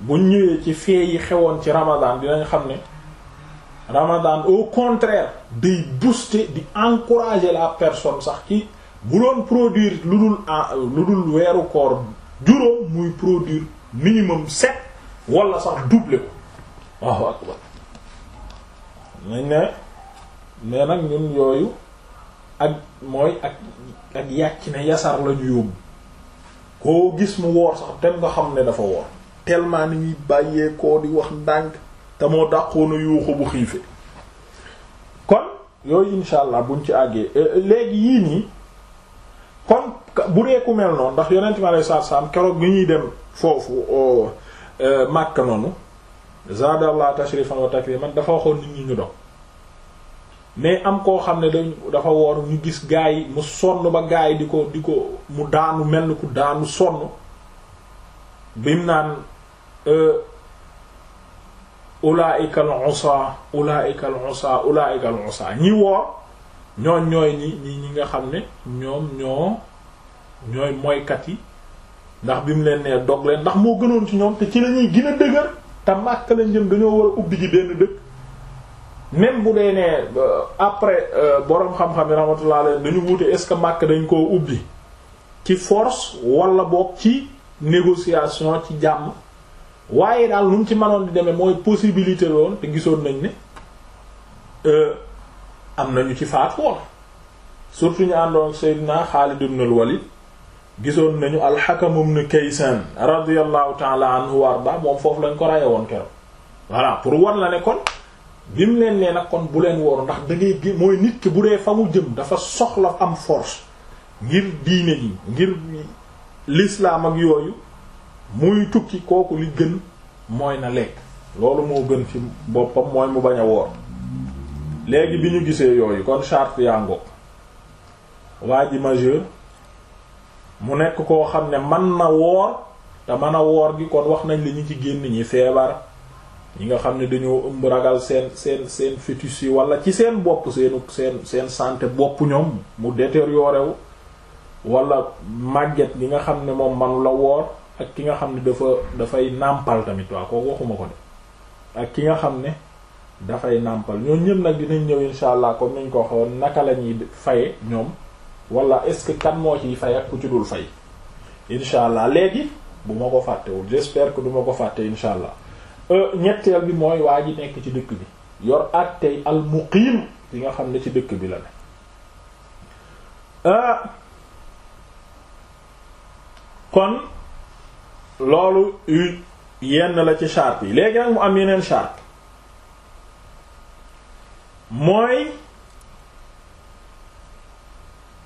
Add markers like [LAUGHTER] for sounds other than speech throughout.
buñ ñëwee ci fee yi xewoon ci ramadan dinañ xam ne ramadan au contraire day booster di encourager la personne sax ki bu doon produire lu dul lu dul weeru koor juróom muy produire minimum sept wala sax double ko waaw akbar nañ ne mais nag ñun yooyu ak mooy ak ak yàcc ne yasar la yóbbu koo gis mu woor sax te nga xam ne dafa woor tellement ni ñuy bàyyeekoo di wax ndànk te moo dàqoona yuuxu bu xiife kon yooyu insha allah buñ ci àggee euh, euh, léegi yii nii kon bu dee ku mel noonu ndax yonent mi alayhi salaatu salaam keroog bi ñuy dem foofu oh, euh, Makka noonu zaadallah tashrifan wa takriman dafa waxoon nit ñi ñu dox mais am koo xam ne dañ dafa woor ñu gis gaa yi mu sonn ba gaa yi di ko di ko mu daanu mel ni ku daanu sonn bim naan ulaa'ika al-'usaa ulaa'ika al-'usaa ulaa'ika al-'usaa ñi woor ñoo ñooy ñi ñi ñi nga xam ne ñoom ñoo ñooy moykat yi ndax bi mu leen nee dog leen ndax moo gënoon ci ñoom te ci lañuy gën a dëgër te Makka lañ jëm dañoo war ubbi ji benn dëkk même bu dee nee après boroom xam-xam yi rahmatullah alayhi dañu wuute est-ce que Makka dañ koo ubbi ci force wala boog ci négociation ci jàmm waaye daal nu ci mënoon di deme mooy possibilité lool te gisoon nañ ne euh, am na ñu ci faatu woon surtout ñu àndoon Seydina Xaalid ibn al-Walid gisoon nañu al-Hakam ibn Kaysan radiyallahu ta'ala anhu wa arda moom foofu lañ ko raye woon keroog voilà pour war la ne kon bi mu leen nee nag kon bu leen wor ndax da ngay mooy nit ki bu dee fa mu jëm dafa soxla am force ngir diine ji ngir l'islam ak yooyu muy tukki kooku li gën mooy na lekk loolu moo gën ci boppam mooy mu bañ a woor léegi bi ñu gisee yooyu kon charte yango waa ji majeur mu nekk koo xam ne man na woor te mën a woor gi kon wax nañ li ñu ci génn ñi feebar ñi nga xam ne dañoo ëmb ragal seen seen seen fœtus yi wala ci seen bopp seenu seen seen santé bopp ñoom mu détérioré wu wala màgget gi nga xam ne moom manu la woor ak ki nga xam ne dafa dafay nàmpal tamit waa kooku waxuma ko de ak ki nga xam ne dafay nàmpal ñoom ñëpp nag dinañ ñëw insha allah comme niñ ko waxoon naka la ñuy faye ñoom wala est kan moo ciy fay ak ku ci dul fay insha allah léegi bu ma ko fàttewul j'espère que du ma ko fàtte insha allah euh, ñetteel bi mooy waa ji nekk ci dëkk bi yor àttey al muqiim nga xam ne ci dëkk bi la ne euh, kon loolu yenn la ci charte yi léegi nag mu am yeneen charte mooy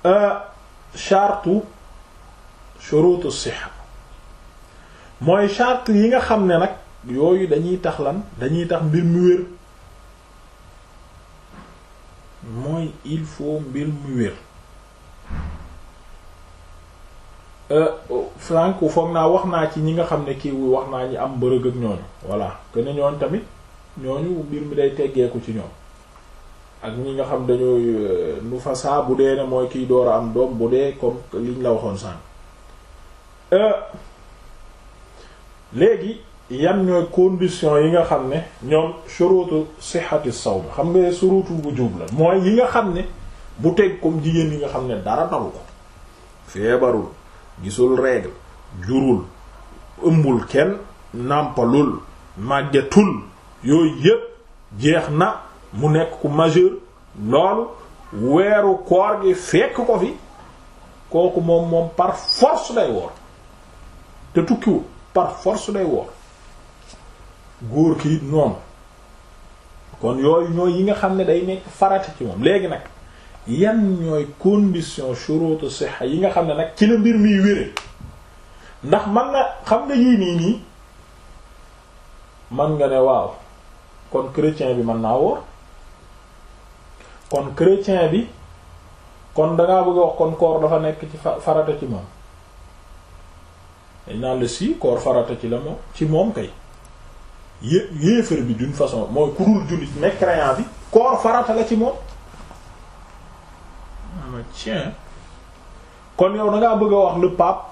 euh, chartu shurutu siha mooy charte yi nga xam ne nag yooyu dañuy tax lan dañuy tax mbir mu wér mooy il faut mbir mu wér Euh, Franck foog naa wax naa ci ñi nga xam ne kii wu wax naa ñi am mbërëg ak ñooñu voilà que ne tamit ñooñu mbir mi day teggeeku ci ñoom ak ñi nga xam dañuy euh, nu fasaa bu dee ne mooy kiy door a am doog bu dee comme liñ la waxoon sànq. Euh, léegi yan ñooy condition yi nga xam ne ñoom surutu sihhati sawm xam nga surutu bu jub la mooy yi nga xam ne bu teg comme jigéen yi nga xam ne dara talu ko feebarul. gisul règle jurul ëmbul kenn nàmpalul màggetul yooyu yépp jeex na mu nekk ku majeur loolu weeru koor gi fekk ko fi kooku moom moom par force day woor te tukkiwul par force day woor góor ki noonu kon yooyu ñooy yi nga xam ne day nekk farata ci moom léegi nag yan ñooy condition shurutu siha yi nga xam ne nag ci la mbir miy wére ndax man na xam nga yii nii nii man nga ne waaw kon chrétien bi man naa wóor kon chrétien bi kon dangaa bëgg wax kon koor dafa nekk ci farata ci moom dañ la si koor farata ci la moom ci moom kay yé yéefar bi d'une façon mooy kurul jullit mécréant bi koor farata la ci moom ma tiens kon yow da ngaa bëgg a wax le pape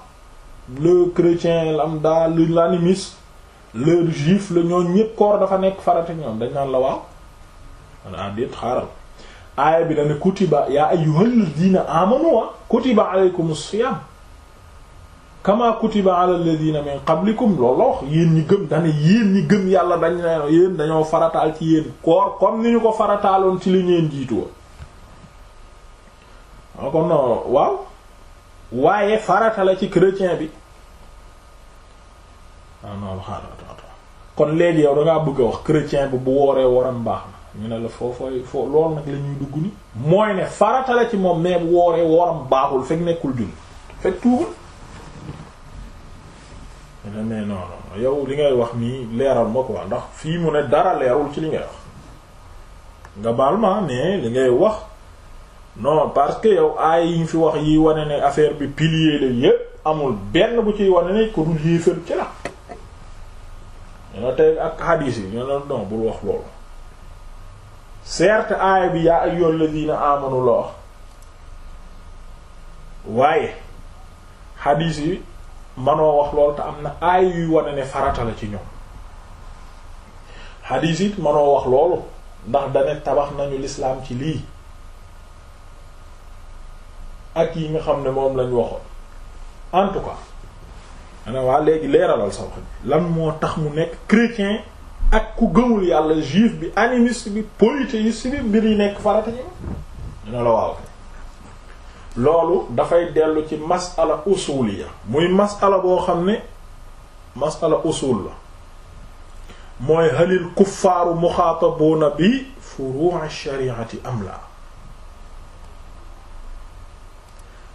le chrétien lambda le l'animiste le juif la ñoo ñépp koor dafa nekk farata ñoom dañ naan la waaw ah déet xaaral aaya bi dana kutiba yaa ayyuhalladhina amanu ah, kutiba alaykumus siyam kama kutiba ala alladhina min qablikum loolu la wax yéen ñi gëm dana yéen ñi gëm yàlla dañ ne yéen dañoo farataal ci yéen koor comme ni ñu ko farataaloon ci li ñeen jiitu woon ma ah, ko non waaw waaye farata ci chrétien bi ah non kon léegi yow da ngaa bëgg a wax chrétien bi bu wooree waram baax na ñu ne la foofooy foo loolu nag la dugg ni mooy ne farata ci moom mais bu wooree waram baaxul fekk nekkul julli fekk tuubul ne mais non yow li ngay wax nii leeral ma ko wax ndax fii mu ne dara leerul ci li ngay wax nga baal ma ne li ngay wax. non parce que yow aay yi ñu fi wax yi wane ne affaire bi pilier la yépp amul benn bu ciy wane ne ko dul yéefar ci la ñoo tey ak hadis yi ñoo ne non bul wax bi yaa la wax waaye hadis yi manoo wax loolu te am na aay yuy wane ne farata la ci ñoom hadis it manoo wax loolu ndax dane tabax nañu l'islam ci lii ak yi nga xam ne moom lañ waxoon en tout cas waa léegi leeralal sa wax lan moo tax mu nekk chrétien ak ku gëmul yàlla juif bi animiste bi polythéiste bi mbir yi nekk farata yi dina loolu dafay dellu ci masala usuliya muy masala boo xam ne masala usul la mooy halil kuffaaru muxaatabuuna bi furu' ash-shari'ati am la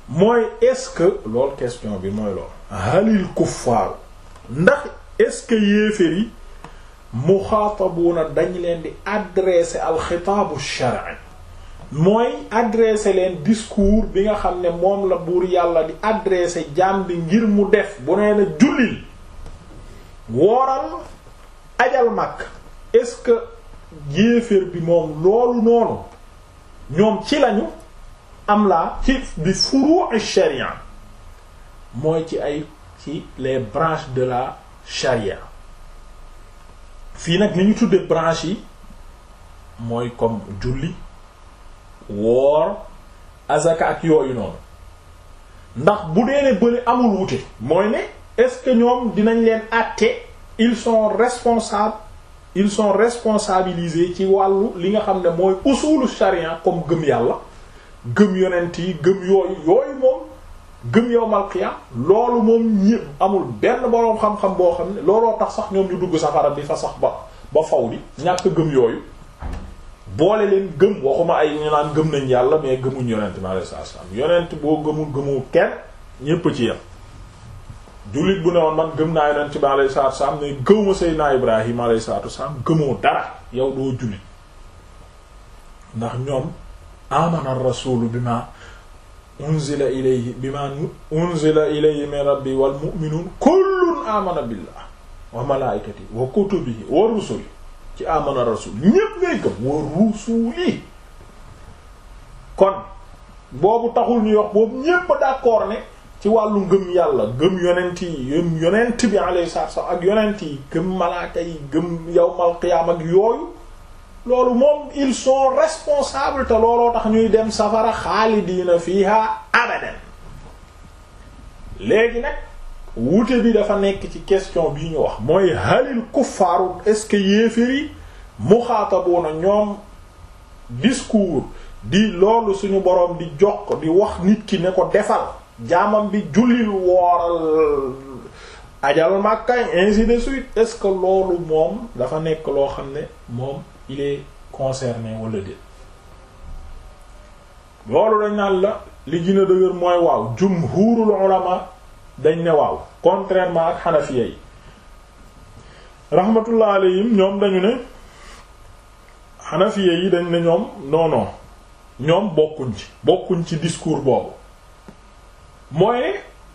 mooy est-ce que loolu question bi mooy lool halil kuffaaru ndax est-ce que yéefér yi muxaatabuuna dañ leen di adresser alxitaabu shar'i mooy adresser leen discours bi nga xam ne moom la buur yàlla di adresser jaam bi ngir mu def bu nee na jullil wooral ajal mag est-ce que yéeféer bi moom loolu noonu ñoom ci lañu amla ci bi furu' sharia mooy ci ay ci les branches de la charia fii nag li ñu tuddee branches yi mooy comme julli woor azaka ak yooyu noonu ndax bu dee ne bëri amul wute mooy ne est-ce que ñoom dinañ leen àtte ils sont responsables ils sont responsabilisés ci wàllu li nga xam ne mooy usulu sharia comme gëm yàlla gëm yonent yi gëm yooyu yooyu moom gëm yow malxiya loolu moom ñépp amul benn boroom xam-xam boo xam ne looloo tax sax ñoom ñu dugg safara bi fa sax ba ba faw di ñàkk gëm yooyu boole leen gëm waxuma ay ñu naan gëm nañ yàlla mais gëmuñ yonent mi alayhi yonent boo gëmul gëmu kenn ñépp ci yem jullit bu ne woon man gëm naa yonent mi alayhi salaam ne gëwma Seydina Ibrahima alayhi salaam gëmoo dara yow doo jullit ndax ñoom amana ar-rasulu bima unzila ilayhi bima unzila ilayhi min rabbi wal mu'minun kullun amana billah wa malaikati wa kutubihi wa rusuli ci amana rasul ñépp ngay gëm wa rusuli kon boobu taxul ñu wax boobu ñépp d'accord ne ci wàllu ngëm yàlla gëm yonent yi yëm yonent bi alayhi salaatu wa ak yonent yi gëm malaaka yi gëm yawmal qiyaam yooyu loolu moom ils sont responsables te looloo tax ñuy dem safara fii fiha abadan léegi nag wuute bi dafa nekk ci question bi ñu wax mooy halil kuffaaru est-ce que yéefiri muxaatabuuna ñoom discours di loolu suñu boroom di jox di wax nit ki ne ko defal jaamam bi jullil wooral ajal màkkañ ainsi de suite est-ce que loolu moom dafa nekk loo xam ne moom concerné wala déet loolu dañ naan la li gën dëgër mooy waaw jumhurul ulama dañ ne waaw contrairement ak xanafiya yi rahmatullah alayhim ñoom dañu ne xanafiya yi dañ ne ñoom non ñoom bokkuñ ci bokkuñ ci discours boobu mooy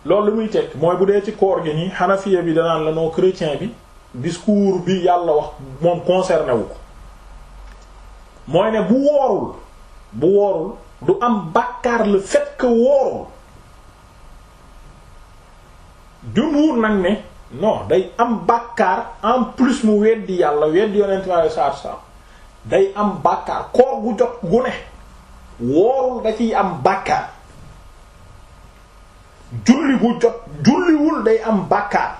loolu lu muy tekk mooy bu dee ci koor gi nii xanafiya bi danaan la non chrétien bi discours bi yàlla wax moom concerné wu ko mooy ne bu woorul bu woorul du am bàkkaar la fait que woorul jumhuur nag ne non day am bàkkaar en plus mu weddi yàlla weddi yonent ma saar saar day am bàkkaar koor gu jot gu ne woorul da ciy am bàkkaar julli gu jot julliwul day am bàkkaar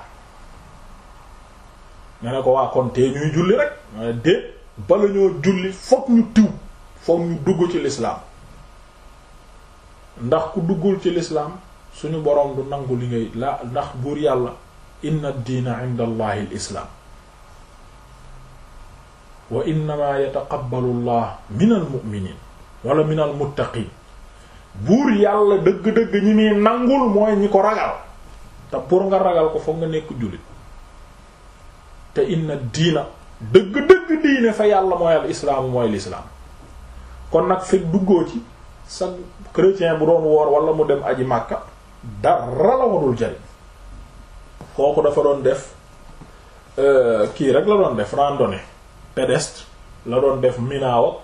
nga ne ko waa kon ñuy julli rek nga ne déet bala ñoo julli fokk ñu tiw fokk ñu dugg ci lislaam ndax ku duggul ci lislaam suñu boroom du nangu li ngay la ndax buur yàlla inna diina inda allahi al islaam wa innama yataqabbalu allah min al mu'minin wala min al muttaqin buur yàlla dëgg-dëgg ñi muy nangul mooy ñi ko ragal te pour nga ragal ko fokk nga nekk jullit te inna diina dëgg-dëgg diine fa yàlla mooy al islaam mooy lislaam kon nag fekk duggoo ci sa chrétien bu doon woor wala mu dem aji màkka dara la warul jariñ kooku dafa doon def euh, kii rek la doon def randonnée pédestre la doon def minaawa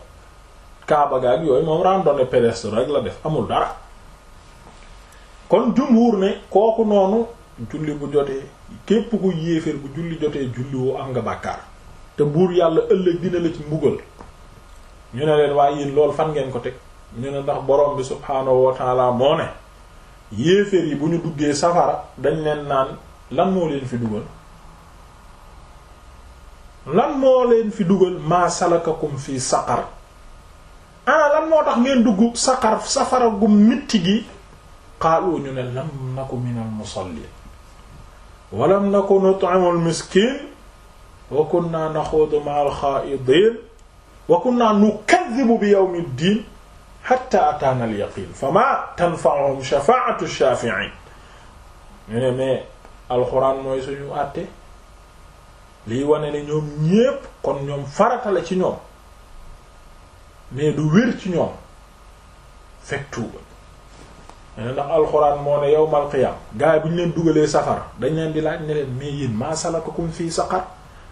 kaaba ga ak yooyu moom randonnée pédestre rek la def amul dara kon jumhur ne kooku noonu julli bu jotee képp ku yéeféer bu julli jotee julli woo am nga bàkkaar te buur yàlla ëllëg dina la ci mbugal ñu ne leen waaye yéen loolu fan ngeen ko teg ñu ne ndax borom bi subhaanahu wa taala moo ne yéeféer yi bu ñu duggee safara dañ leen naan lan moo leen fi dugal lan moo leen fi dugal maa salakakum fi saqar ah lan moo tax ngeen dugg saqar safara gu mitti gi xaalu ñu ne lam naku minal musallin walam naku nut'imul miskin wa kunna naxuudu ma'al xaa'idiin wa kunna nukaddibu bi yawmi ddiin hatta ataana al yaqiin famaa tanfa'uhum shafaa'atu shaafi'iin ñu ne alxuraan mooy suñu àtte liy wane ne ñoom ñépp kon ñoom farata la ci ñoom mais du wér ci ñoom fekk tuuba ne ndax alxuraan moo ne yawmal qiyaam gaa bu ñu leen dugalee safara dañ leen di laaj ne leen mais yéen maa salakakum fii saqar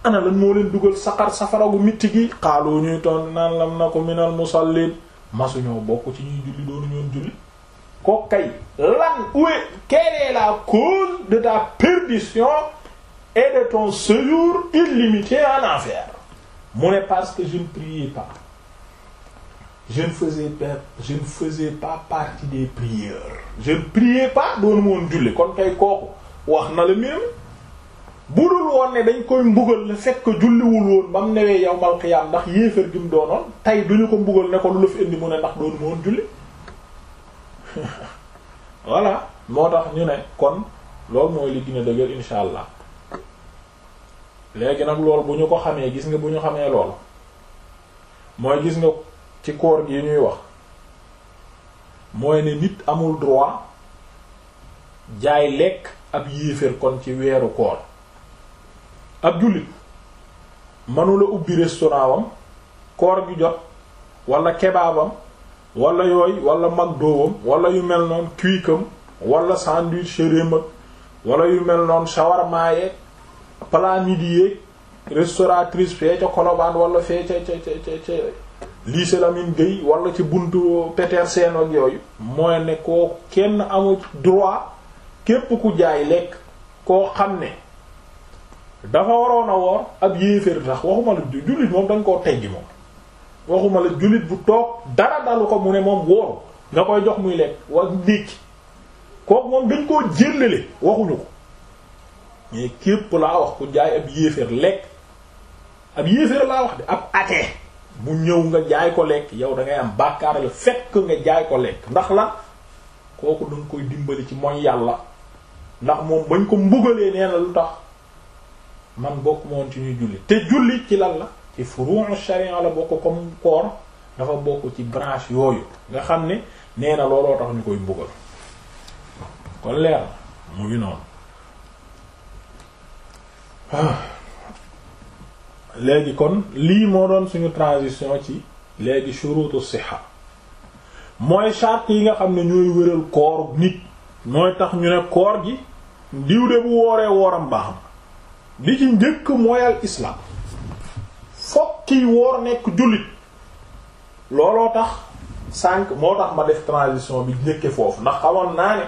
ana lan moo leen dugal saqar safara gu mitti gi xaalu ñuy ton naan lam mu ko minal musallin masuñoo bokk ci ñuy julli doonu ñoon julli ko kay lan uwe quelle la cause de ta perdition et de ton séjour illimité en enfer mu ne parce que je ne priais pas je ne faisais pas partie des prieurs je ne priais pas doonu moon julli kon kay kooku wax na la même bu dul woon ne dañ koy mbugal la fekk julliwul woon ba mu newee yawmal qiyaam ndax yéefar gi mu doonoon tey duñu ko mbugal ne ko lu la fi indi mu ne ndax doonu ma woon julli [LAUGHS] voilà moo tax ñu ne kon loolu mooy allah léegi nag loolu bu ñu ko xamee gis nga bu ñu xamee loolu mooy gis nga ci koor gi ñuy wax mooy ne nit amul droit jaay lekk ab yéefar kon ci weeru koor ab jullit manula ubbi restaurant wam koor gi jot walla kebaabam wala yooyu wala magdoowam wala yu mel noonu cuikam walla sandwich chérém ak wala yu mel noon shawarma yeeg plat midi yeeg restauratrice fee ca Colobane wala fee ca ca ca ca lycée Lamine Gueye wala ci buntu Petersen ak yooyu moo ne koo kenn amul droit képp ku jaay lekk koo xam ne dafa waroon a woor ab yéeféer tax waxuma la jullit moom danga koo teggi moom waxuma la jullit bu toog dara dalu ko mu ne moom wooru nga koy jox muy lekk wa ndékki kooku moom dañ koo jéllale waxuñu ko mais képp laa wax ku jaay ab yéeféer lekk ab yéeféer laa wax de ab atee mu ñëw nga jaay ko lekk yow dangay am bàkkaar fekk nga jaay ko lekk ndax la kooku danga koy dimbali ci mooy yàlla ndax moom bañ ko mbugalee nee na lu tax man bokk moon ci ñuy julli te julli ci lan la ci furu'u sharia la bokk comme koor dafa bokk ci branche yooyu nga xam ne nee na looloo tax ñu koy mbugal kon leer mu ngi ah. léegi kon lii moo doon suñu transition ci léegi shurutu siha mooy charte yi nga xam ne ñooy wéral koor nit mooy tax ñu ne koor gi diw de bu wooree wooram baaxam bi ci njëkk mooy al islam fokk kiy woor nekk jullit looloo tax sànq moo tax ma def transition bi njëkke foofu ndax xamoon naa ne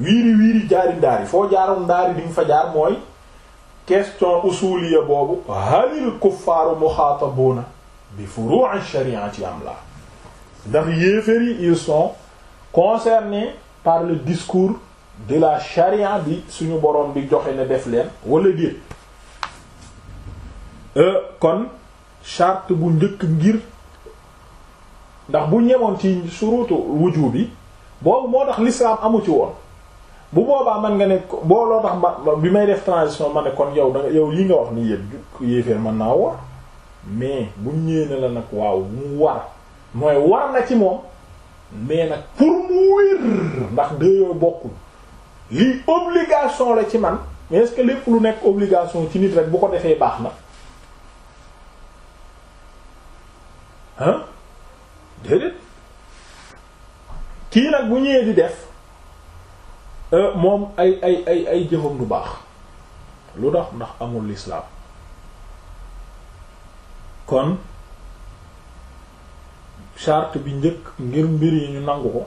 wiiri wiiri jaari ndaari foo jaaroon ndaari di nga fa jaar mooy question usuliya boobu halil kuffaaru muxaatabuuna bi furu'i shari'ati am la ndax yéefér yi ils sont concernés par le discours de la charia bi suñu boroom bi joxe ne def leen wala déet Euh, kon charte bu njëkk ngir ndax bu ñemoon ci surutu wuju bi boobu moo tax l'islam amu ci woon bu boobaa man nga ne boo loo tax ma bi may def transition ma ne kon yow danga yow lii nga wax ni yëpp yéefee mën naa war mais bu ñëwee ne la nag waaw mu war mooy war na ci moom mais nag pour mu wér ndax de yooyu bokkul lii obligation la ci man mais est-ce que lépp lu nekk obligation ci nit rek bu ko defee baax na ah déedéet kii nag bu ñëwee di def euh, moom ay ay ay jëfam lu baax lu tax ndax amul lislaam kon charte bi njëkk ngir mbir yi ñu nangu ko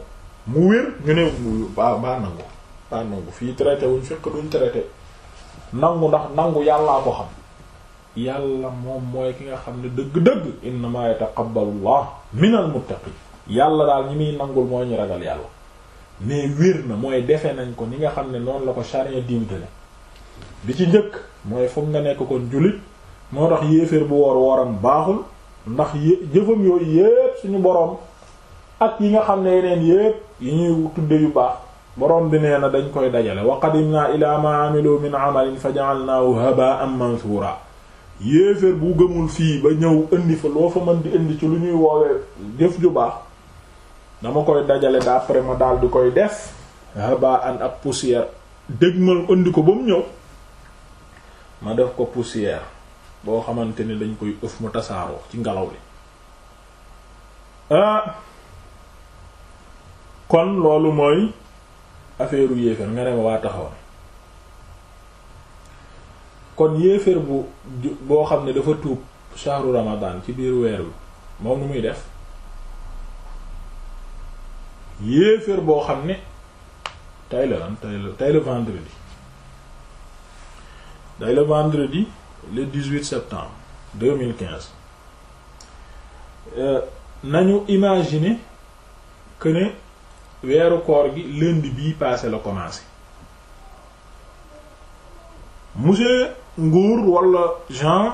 mu wér ñu ne baa baa nangu baa nangu fii traité wuñ fekk duñ traité nangu ndax nangu yàllaa ko xam yàlla moom mooy ki nga xam ne dëgg-dëgg innama yataqabbalu llah minal muttaqin yàlla daal ñi muy nangul mooy ñu ragal yàlla mais wiir na mooy defe nañ ko ni nga xam ne noon la ko charia diwtale bi ci njëkk mooy foog nga nekk ko jullit moo tax yéeféer bu woor wooram baaxul ndax yé jëfam yooyu yépp suñu boroom ak yi nga xam ne yeneen yépp yi ñuy tudde yu baax boroom bi nee na dañ koy dajale wa qadimna ila ma amilu min amalin fa ja'alnahu haba'an manthura yéeféer bu gëmul fii ba ñëw indi fa loo fa mën di indi ci lu ñuy woowee jëf ju baax dama koy dajale d'après ma daal di koy def haba an ak poussière dég mal indi ko ba mu ñëw ma def ko poussière boo xamante ni dañ koy ëf mu tasaaroo ci ngelaw li ah. kon loolu mooy affaire u yéeféer nga ne ma waa taxawal kon yéeféer bu boo xam ne dafa tuub shahru ramadan ci biir weer wi moom nu muy def yéeféer boo xam ne tey la lan tey la tey la vendredi tey la vendredi le 18 septembre 2015 euh, nañu imaginer que weeru koor gi lundi bii passé la commencé monsieur nguur wala Jean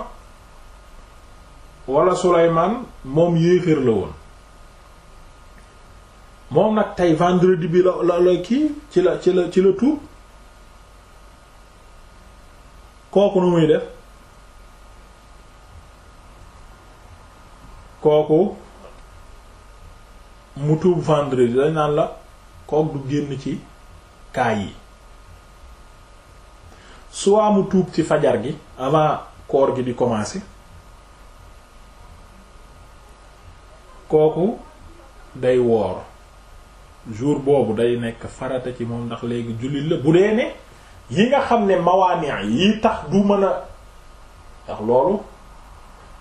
wala Souleymane moom yéeféer la woon moom nag tey vendredi bi la la la kii ci la ci la ci la tuub kooku nu muy def kooku mu tuub vendredi dañ naan la kooku du génn ci kaay yi soit mu tuub ci fajar gi avant koor gi di commencer kooku day woor jour boobu day nekk farata ci moom ndax léegi jullit la bu dee yi nga xam ne mawaani yi tax du mën a ndax loolu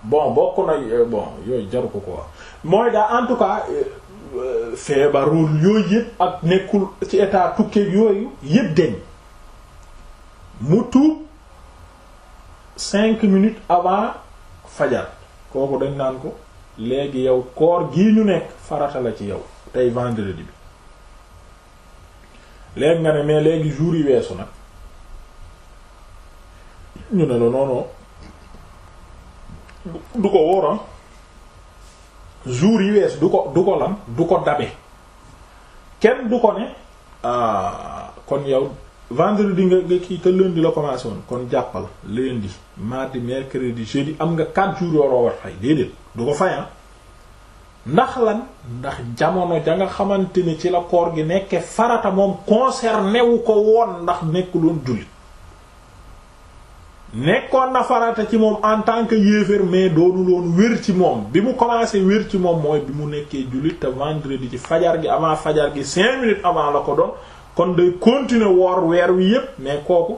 bon bokk na bon yooyu jaru ko quoi mooy daa en tout cas euh, euh, feebarul yooyu yëpp ak nekkul ci état tukkeeg yooyu yëpp deñ mu tuub cinq minutes avant fajar kooku dañ naan ko léegi yow koor gi ñu nekk farata la ci yow tey vendredi bi léegi nga ne mais léegi jour yi weesu nag ñu ne la noonu du ko wóoram ah. jours yi weesu du ko du ko lan du ko dabe kenn du ko ne ah, kon yow vendredi nga nga kii te di la commencé woon kon jàppal di mardi mercredi jeudi am nga 4 jours yooroo war fay déedéet du ko fay ah. ndax lan ndax jamono ja nga xamante ni ci la koor gi nekke farata moom concerné ko woon ndax nekkuloon jullit nekkoon na farata ci moom en tant que yéefér mais doonuloon wér ci moom bi mu commencé wér ci moom mooy bi mu nekkee jullit te vendredi ci fajar gi avant fajar gi cinq minutes avant la ko doon kon day continuer woor weer wi yépp mais kooku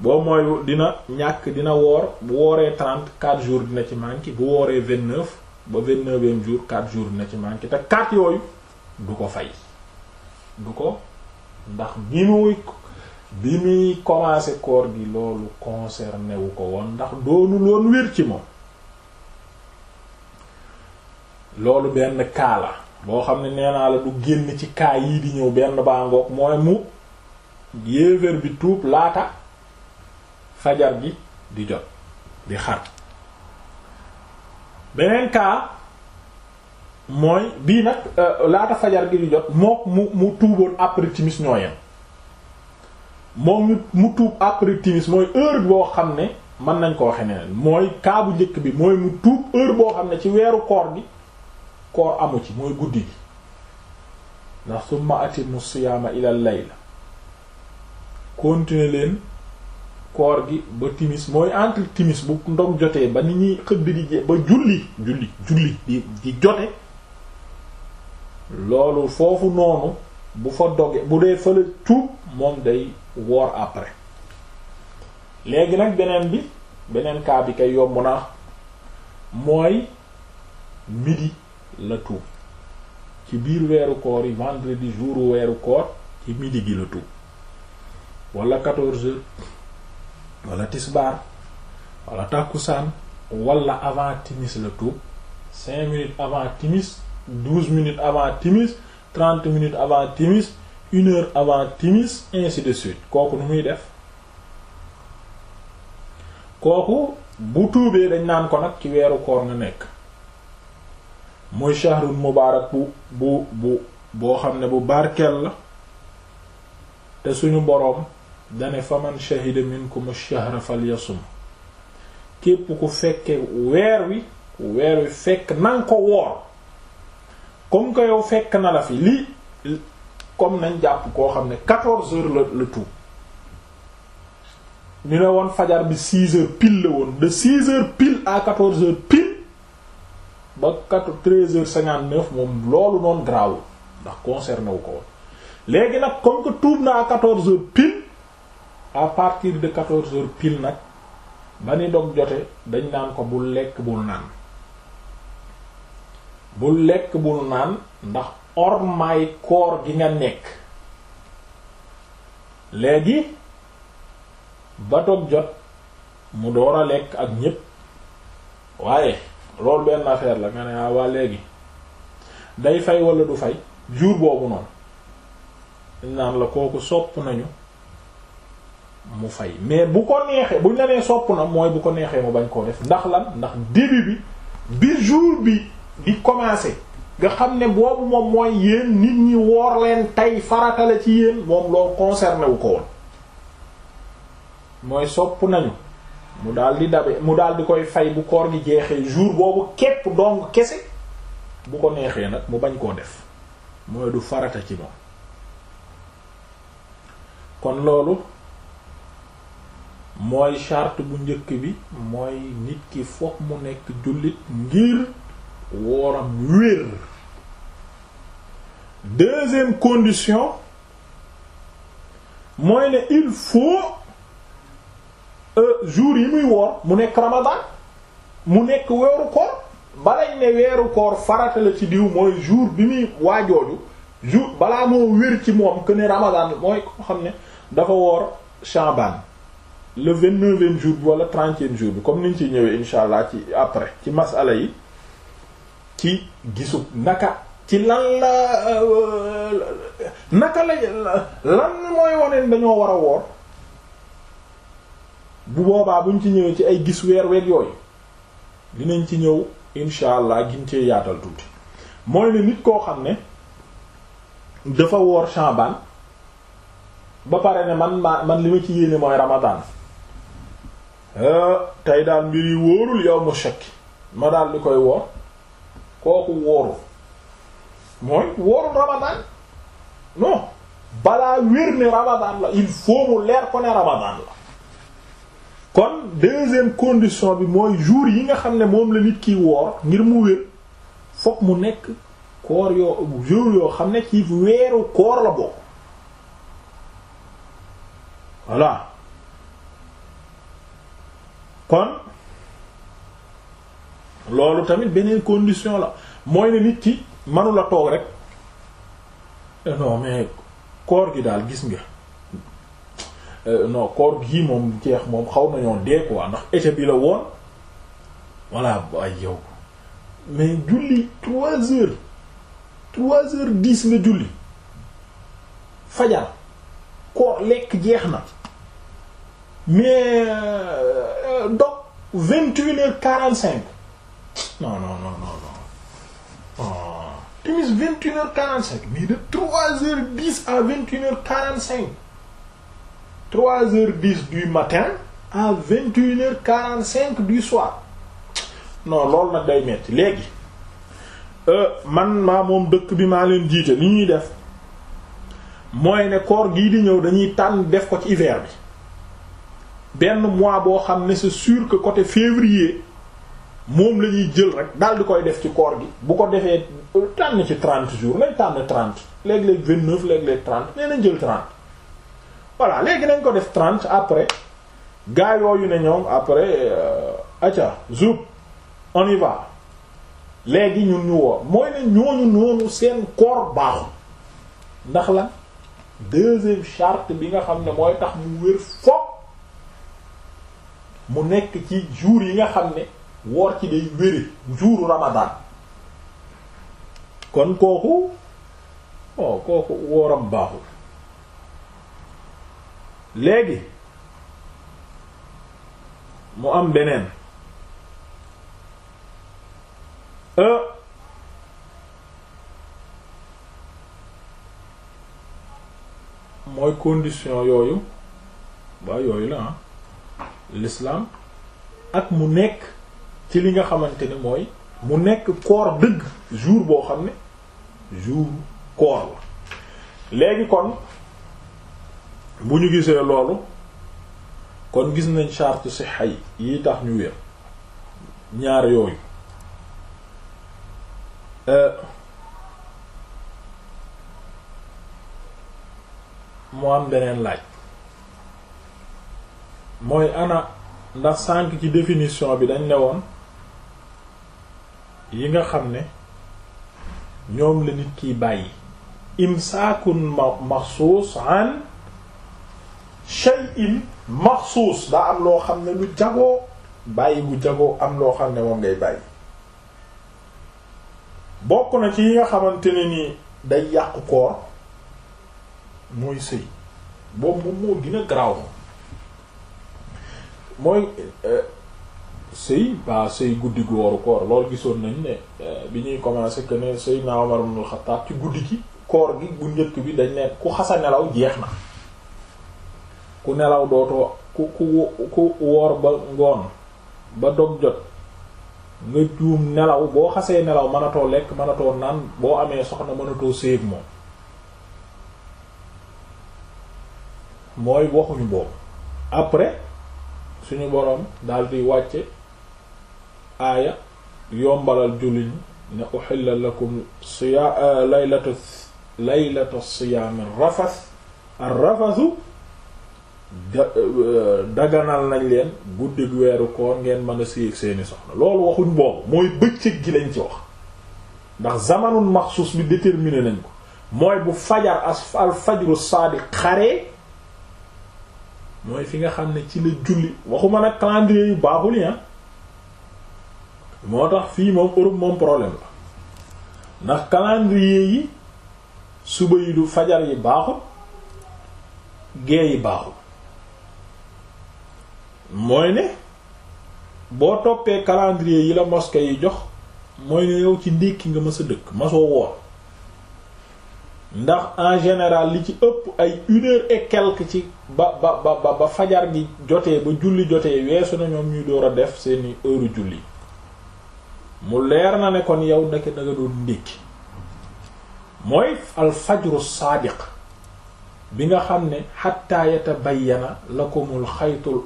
boo mooy dina ñàkk dina woor bu wooree trente quatre jours dina ci manqué bu wooree vingt neuf ba vingt neuvième jour quatre jours dina ci manqué te quatre yooyu du ko fay du ko ndax bi muy bi muy commencé koor gi loolu concerné wu ko woon ndax doonul woon wér ci moom loolu benn kaala boo xam ne nee naa la du génn ci kaa yii di ñëw benn baa ngoog mooy mu yéeféer bi tuub laata fajar gi di jot di xar beneen kaa mooy bii nag euh, laata fajar gi di jot mook mu mu tuuboon après timis ñoo yem moom mu tuub après timis mooy heure boo xam ne mën nañ ko waxe mooy kaa njëkk bi mooy mu tuub heure boo xam ne ci weeru koor gi koor amu ci mooy guddi gi ndax summa mu siyaama ilal layla continuer leen koor gi ba timis mooy entre timis bu ndog jotee ba ni ñuy xëdd di je ba julli julli julli di di jote loolu foofu noonu bu fa doge bu dee fële tuub moom day woor après léegi nag beneen bi beneen cas bi kay yomb na mooy midi la tuub ci biir weeru koor yi vendredi jour weeru koor ci midi gi la tuub wala quatorze heures wala tisbaar wala tàkkusaan wala avant timis la tuub cinq minutes avant timis douze minutes avant timis trente minutes avant timis une heure avant timis ainsi de suite kooku nu muy def kooku bu tuubee dañ naan ko nag ci weeru koor nga nekk mooy shahrul mubaarak bu bu boo xam ne bu barkeel la te suñu boroom dane faman shahida minkum ash-shahra falyasum képp ku fekke weer wi weer wi fekk nanga ko woor comme que yow fekk na la fi lii comme nañ jàpp koo xam ne quatorze heures la la tout ñu ne woon fajar bi six heures la woon de six heures pile ba quatre treize heures cinquante neuf moom loolu noonu grawul ndax concerné wu ko woon léegi nag comme que tuub naa quatorze à partir de quatorze heures pile nag ba ni dog jote dañ naan ko bu lekk bul naan bul lekk bul naan ndax ormaay koor gi nga nekk léegi ba dog jot mu door a lekk ak ñépp waaye loolu benn affaire la nga ne ah waa léegi day fay wala du fay jour boobu noonu dañ naan la kooku sopp nañu mu fay mais bu ko neexee buñ la nee sopp na mooy bu ko neexee mu bañ koo def ndax lan ndax début bi bi jour bi di commencer nga xam ne boobu moom mooy yéen nit ñi woor leen tey farata ci yéen moom loolu concerné wu ko woon mooy sopp nañu mu daal di dabe mu daal di koy fay bu koor gi jeexee jour boobu képp dong kese bu ko neexee nag mu bañ koo def mooy du farata ci moom kon loolu mooy charte bu njëkk bi mooy nit ki fokk mu nekk jullit ngir wooram wér deuxième condition mooy ne il faut Euh, jours yi muy woor mu nekk ramadan mu nekk weeru koor balañ ne weeru koor farata la ci diw mooy jour bi muy waajooju jour balaa moo wér ci moom que ne ramadan mooy ko xam ne dafa woor Chaban le vingt-neuvième jour bi wala trentième jour bi comme niñ ciy ñëwee insha allah ci après ci masala yi ci gisu naka ci lan la euh, naka la lan mooy wone dañoo war a woor bu boobaa buñ ci ñëwee ci ay gis weer weer yooyu dinañ ci ñëw incha allah giñ cee yaatal tuuti mooy ne nit koo xam ne dafa woor Shaaban ba pare ne man ma man li ma ci yéene mooy Ramadan euh, tey daal mbir yi wóorul yow mu shakki ma daal di koy woor kooku wooru mooy wooru Ramadan non balaa wér ne Ramadan la il faut mu leer ko ne Ramadan la. kon deuxième condition bi mooy jour yi nga xam ne moom la nit ki woor ngir mu wér fokk mu nekk koor yoo jour yoo xam ne ci weeru koor la bokk voilà kon loolu tamit beneen condition la mooy ne nit ki mënula toog rek eh non mais koor gi daal gis nga Euh, non koor gii moom jeex moom xaw nañoo dee quoi ndax été bi woon voilà ay yow mais julli trois heures trois heures dix nga julli fajar koor lekk jeex na mais euh, donc vingt une heures quarante cinq non non non non non oh. vingt une quarante cinq trois heures dix à vingt une heures quarante cinq trois heures dix du matin à vingt et une heures quarante cinq du soir non loolu nag day metti léegi euh, man maa moom dëkk bi maa leen jiite li ñuy def mooy ne koor gii di ñëw dañuy tànn def ko ci hiver bi benn mois boo xam ne c'est sûr que côté février moom la ñuy jël rek daal di koy def ci koor gi bu ko defee tànn ci trente jour lañ tànn trente léeg-léeg vingt neuf léeg-léeg trente nee nañ jël trente voilà léegi nañ ko def trente après gaa yu ne ñoom après euh, aca zoub on y va léegi ñun ñu woor mooy ne ñooñu noonu seen koor baaxul ndax la deuxième charte bi nga xam ne mooy tax mu wér foop mu nekk ci jour yi nga xam ne woor ci day wére jouru ramadan kon kooku o oh, kooku wooram baaxu léegi mu am beneen euh mooy condition yooyu waaw yooyu la ah l'islam ak mu nekk ci li nga xamante ni mooy mu nekk koor dëgg jour boo xam ne jour koor la léegi kon bu ñu gisee loolu kon gis nañ charte sixa yi yi tax ñu wér ñaar yooyu euh, mu am beneen laaj mooy ana ndax sànq ci définition bi dañ ne woon yi nga xam ne ñoom la nit kiy bàyyi imsaakun maxsuus an shay'in maxsuus daa am loo xam ne lu jagoo bàyyi bu jagoo am loo xam ne moom ngay bàyyi bokk na ci yi nga xamante ne nii day yàqu koor mooy sëy boobu moo gën a garaaw moom mooy euh, sëy ba sëy guddi gu waru koor loolu gisoon nañ ne euh, bi ñuy commencé que ne sëy naa Umar ibn al ci guddi gi koor gi bu njëkk bi dañ ne ku xasa nelaw jeex na ku nelaw dootoo ku ku woor ba ngoon ba dog jot nga juum nelaw boo xasee nelaw mënatoo lekk mënatoo naan boo amee soxna mënatoo séeg moom mooy waxuñu boobu après suñu boroom daldi wàcce aaya yombalal jullit ne uhilla lakum siya laylatu laylatu siyaam ar Euh, euh, daganal nañ leen guddig weeru koor ngeen mën a séy ak seeni soxna loolu waxuñ boobu mooy bëccëg gi lañ ci wax ndax zamanul maxsuus bi déterminé nañ ko mooy bu fajar as al fajru saadiq xaree mooy fi nga xam ne ci la julli waxuma nag calendrier yu baaxul yi ah. moo tax fii moom Europe moom problème la ndax calendrier yi suba yi du fajar yi baaxul gée yi baaxul mooy ne boo toppee calendrier yi la mosquée yi jox mooy ne yow ci ndékki nga mës dëkk masoo woor ndax en général li ci ëpp ay une et quelque ci ba ba ba ba fajar gi jotee ba julli jotee weesu na ñoom ñuy door a def seeni heure julli mu leer na ne kon yow ndeke da nga doon ndékki mooy al fajru saadiq bi nga xam ne la ko mu xaytul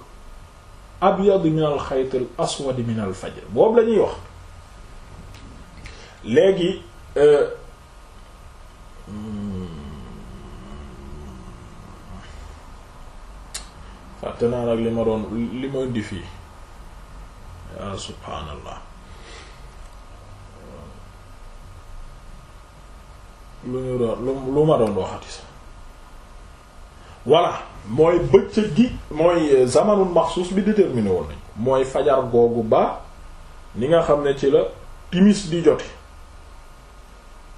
abyad min al xayt al aswad boobu la ñuy wax léegi euh, fàtte naa nag li ma doon li ma indi yaa subhaanallah lu ñu doon lu ma doon waxati voilà mooy bëccëg gi mooy euh, zamanul maxsuus bi déterminé nañ mooy fajar googu ba ni nga xam ne ci la timis di jote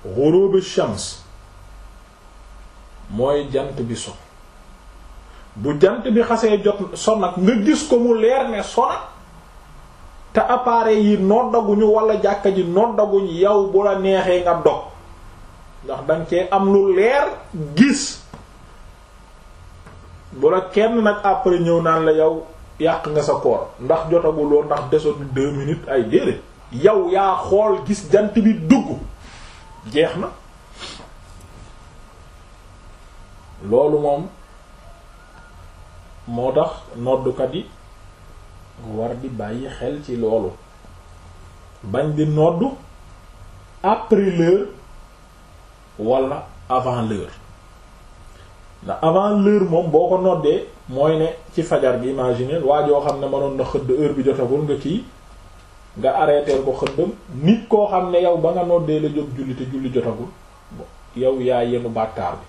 ghurub shams mooy jant bi so bu jant bi xasee jot so nag nga gis ko mu leer ne so na te appareil yi noddaguñu wala jàkka ji noddaguñu yow bu la neexee nga dog ndax danga cee am lu leer gis bu la kenn nag après ñëw naan la yow yàq nga sa koor ndax jotaguloo ndax desoon deux minutes ay déedéet yow yaa xool gis jant bi dugg jeex na loolu moom moo tax noddukat yi war di bàyyi xel ci loolu bañ di noddu après l'heure walla avant l'heure ndax avant l'heure moom boo ko noddee mooy ne ci fajar gi imaginer waa joo xam ne mënoon na xëdd heure bi jotagul nga kii nga arrêté ko xëddam nit koo xam ne yow ba nga noddee la jóg julli te julli jotagul yow yaa yenu bàkkaar bi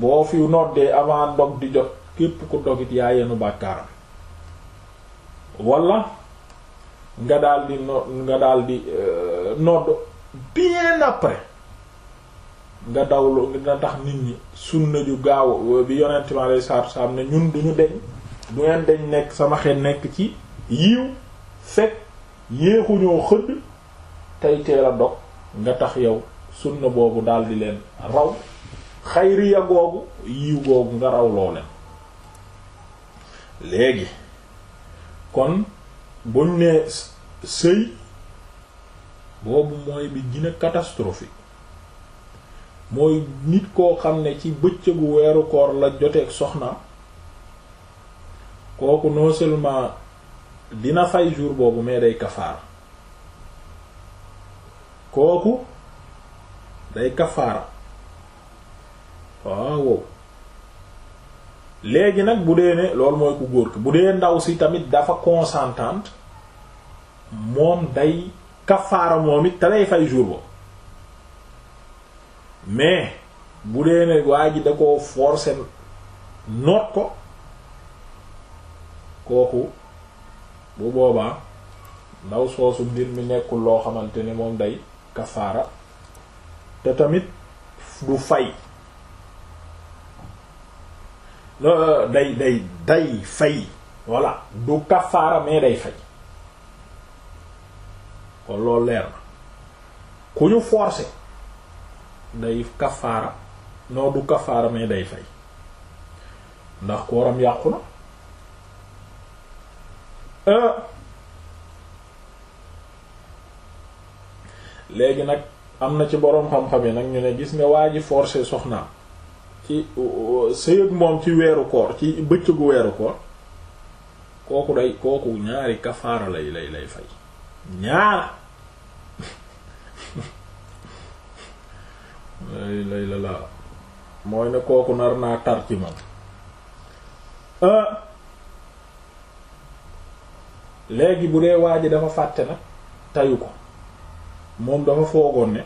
boo fi noddee avant dog di jot képp ku dogit yaa yenu bàkkaaram wala nga dal di no nga daal di euh, nodd bien après nga dawlu nga tax nit ñi sunna ju gaaw bi yonent mi alayhi salaatu salaam ne ñun duñu deñ du ngeen deñ nekk sama xel nekk ci yiw fekk yéexuñoo xëdd tey teel a dog nga tax yow sunna boobu daal leen raw xayriya googu yiw googu nga raw loo leen léegi kon buñ ne sëy boobu mooy bi gën a mooy nit koo xam ne ci bëccëgu weeru koor la joteeg soxna kooku non dina fay jour boobu mais day kafaar kooku day kafaara waaw léegi nag bu dee ne loolu mooy ku góor ki bu dee ndaw si tamit dafa consentante moom day kafaara moom it te day fay jour boobu mais bu dee ne waa ji da koo forcer noot ko kooku bu boobaa ndaw soosu mbir mi nekkul loo xamante ni moom day kafaara te tamit du fay day day day fay voilà du kafaara mais day fay kon loolu leer na ku ñu forcer day kafaara noo du kafaara mais day fey ndax kooram yàqu euh, léegi nag am na ci boroom xam-xam yi nag ñu ne gis nga waa ji forcé soxnaam ci sëyëg moom ci weeru koor ci bëccëgu weeru koor kooku day kooku ñaari kafaara lay lay lay ñaar lay lay la laa mooy ne kooku nar naa tar ci man euh, léegi bu dee waa ji dafa fàtte nag tayu ko moom dama foogoon ne